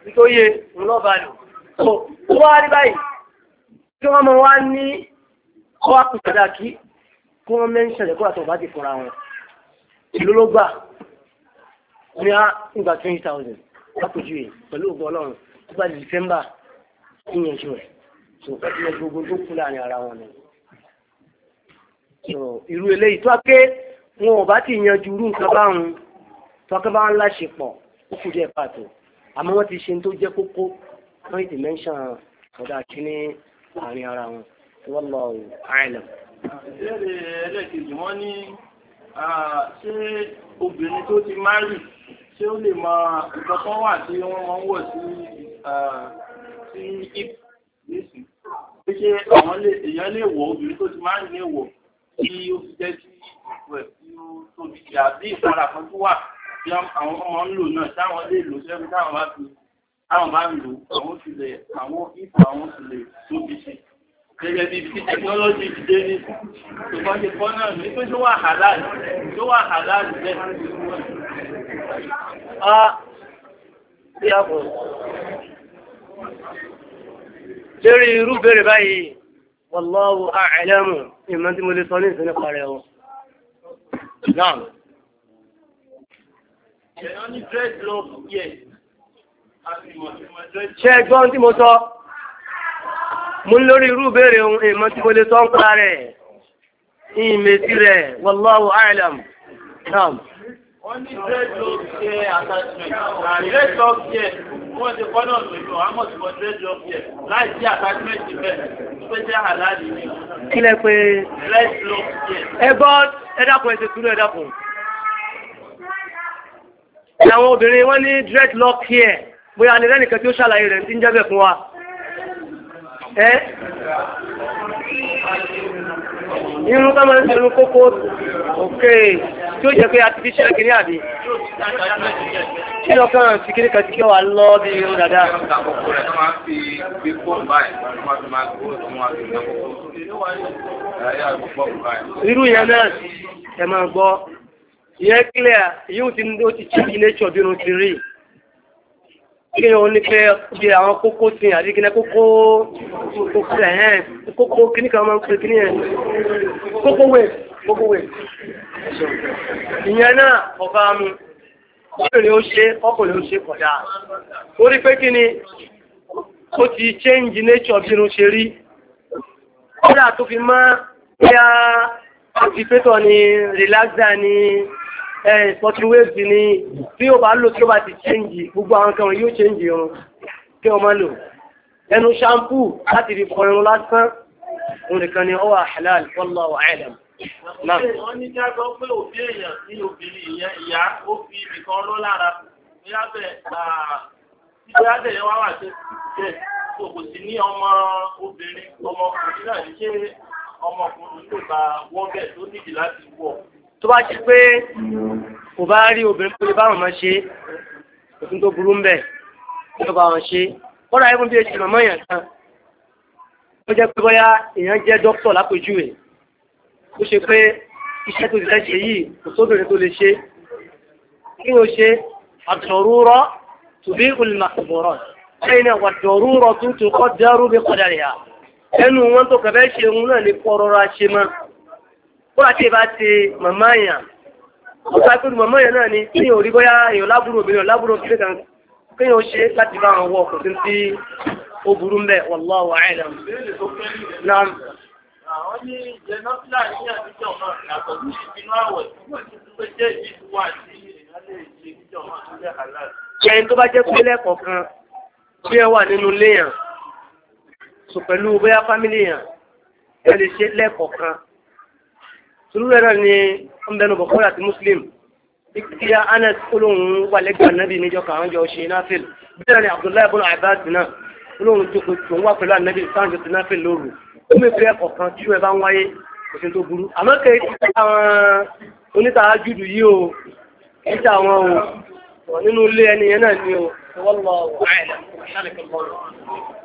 A: nítorí yé lọ́ba lò ó wá rí báyìí kí wọ́n mọ̀ wá ní kọ́ àpùsọ̀dá kí kí wọ́n mẹ́ńṣẹ̀lẹ̀ kó àtọ̀ bá ti fọ́ra wọn ìlú ló gbà ní ah, ìgbà twenty thousand lápòjúwe pẹ̀lú ògbọ́ ọlọ́run tó bá di December níyànjú rẹ̀ tó fẹ́ ti gbogbo tó kú láàrin ara wọn ni. irú eléyìí tó ké wọn ò bá ti yanjú irú nǹkan báwọn tó ké bá ń láṣepọ̀ ó kù díẹ̀ pàtó àmọ́ wọ́n ti ṣe tó jẹ́ kókó wọ́n ti mẹ́ńṣàn ọ̀dà kíní láàrin ara wọn wallahu a'lam.
B: ìbéèrè ẹlẹ́kejì wọ́n ní ṣé obìnrin tó ti máa rì tí ó lè mọ nǹkan tó wà tí wọ́n máa ń wọ̀ sí ip nísìn pé ṣé àwọn lè èèyàn lè wọ̀ obìnrin tó ti máa ń ní wọ̀ kí ó fi jẹ́ kí ipò ẹ̀ tí ó tóbi jẹ́ àbí ìpara kan tó wà tí àwọn ọmọ ń lò náà táwọn lè lò sẹ́gun táwọn bá fi táwọn bá ń lò àwọn ti lè àwọn ipò àwọn ti lè tóbi sí gẹ́gẹ́ bí bí technology ti dé ní ṣùgbọ́n náà ní pé tó wà hàlá tó wà hàlá bẹ́ẹ̀ a yàgò
A: lérí irú bèrè báyìí wallahu a'lamu ìmọ̀ tí mo lè sọ ní ìsinmi parẹ́ o
B: náà. ṣe
A: gbọ́n tí mo sọ mo lórí irú bèrè ohun ìmọ̀ tí mo lè sọ ń pa rẹ̀ ìmẹ̀sí rẹ̀ wallahu a'lam náà
B: wọ́n dreadlock hair attachment dreadlock hair wọ́n ti kọ́ náà lòlù àmọ́ ti mọ dreadlock hair láì sí attachment bẹ́ẹ̀ tó jẹ́ àlàyé ni. kílẹ̀ pé dreadlock hair. ẹ
A: gbọ́ ẹ dákun ẹ ti kúrò ẹ dákun. àwọn obìnrin wọ́n ní dreadlock hair bóyá alẹ́ lẹ́nìkan tí ó ṣàlàyé rẹ̀ ń ti ń jẹ́ bẹ̀ fún wa
B: ẹ́
C: irun tó máa ń ṣerú
B: kókó òkè tí ó jẹ́ pé artificial kìíní àbí tí lọ kàn sí kìíní kan tí kí wà lọ bí irun dàda. irú yẹn náà
A: ẹ máa gbọ́ yẹn clear yóò ti ní ó ti change nature bí irun ti rí kí o ní pé bí àwọn kókó tí àti kí ní kókó ẹ̀hẹ́n kókó kí ní kan máa ń pè kí ní ẹ̀ kókó wẹ̀ kókó wẹ̀ ìyẹn náà ọba mú ọkùnrin ó ṣe ọkùnrin ó ṣe kọ̀dá ó rí pé kí ni ó ti change nature bí irun ṣe rí kódà tó fi mọ́ bí a àti pétọ̀ ni relaxer ni ìfọ́tíwéèsì eh, ni tí ó bá lò tí ó bá ti ṣéǹjì gbogbo àwọn kan yóò ṣéǹjì irun kí wọ́n má lò ẹnu ṣàmpú láti rí fọ irun lásán òun nìkan ni ó wà halal wallahu a'lam
B: náà. wọ́n ní jágbọ́ ní ṣe ọmọkùnrin náà bá wọ́ bẹ́ẹ̀ tó nídìí láti wọ̀
A: tó bá jí pé kò bá rí obìnrin tó lè bá wọn máa ṣe òfin tó burú ń bẹ̀ tó bá wọn ṣe kọ́ra ẹ̀fọn bí èsì màmá èèyàn kan ó jẹ́ pé bóyá èèyàn jẹ́ dókítà lápèjúwe ó ṣe pé iṣẹ́ tó ti fẹ́ ṣe yìí kò sóbìnrin tó lè ṣe kí ló ṣe àtọ̀rúrọ́ tùbí olùmọ̀kùnbọ̀rọ̀ ẹ̀yìn náà wàtọ̀rúrọ́ tó tó kọ́ dẹ́rú bí kọ́dà rẹ̀ ẹnu wọn tó kẹfẹ́ ṣe òun náà ní kọ́rọ́ra ṣe máa bóra tí ìbá ti màmá yàn ó sá pé màmá yàn náà ni kí yóò rí bóyá èèyàn lábúrò obìnrin lábúrò obìnrin kan kí yóò ṣe láti bá wọn wọ kò sí tí ó burú mbẹ wallahu a'lam.
B: naam. àwọn ní ìjẹ nọ́fìlà ní àdúgbò náà yàtọ̀ sí ìbínú àwẹ̀ tó jẹ́ ìbínú wà sí ẹni tó bá jẹ́ pé lẹ́kọ̀ọ̀kan bí ẹ wà nínú
A: léèyàn sọ pẹ̀lú bóyá fámílì yàn ẹ lè ṣe lẹ́kọ̀ọ̀kan sùúrù náà ni ń bẹnu bọ̀ kọ́lá ti muslim ìyá anas olóhùn wà lẹ́gbẹ̀ẹ́ anabi níjọ kan àwọn jọ ṣe náfìl bẹ́ẹ̀ ni abdullahi ibn abbas náà olóhùn tó tó ń wà pẹ̀lú anabi sáńjọ ti náfìl lóru ó mẹ́fẹ́ ọ̀kan tí wọ́n bá ń wáyé kò sí tó burú àmọ́ kẹ́ àwọn onítàájúdù yìí o níta àwọn o nínú ilé ẹni yẹn náà ni o
B: wọ́n lọ wọ́n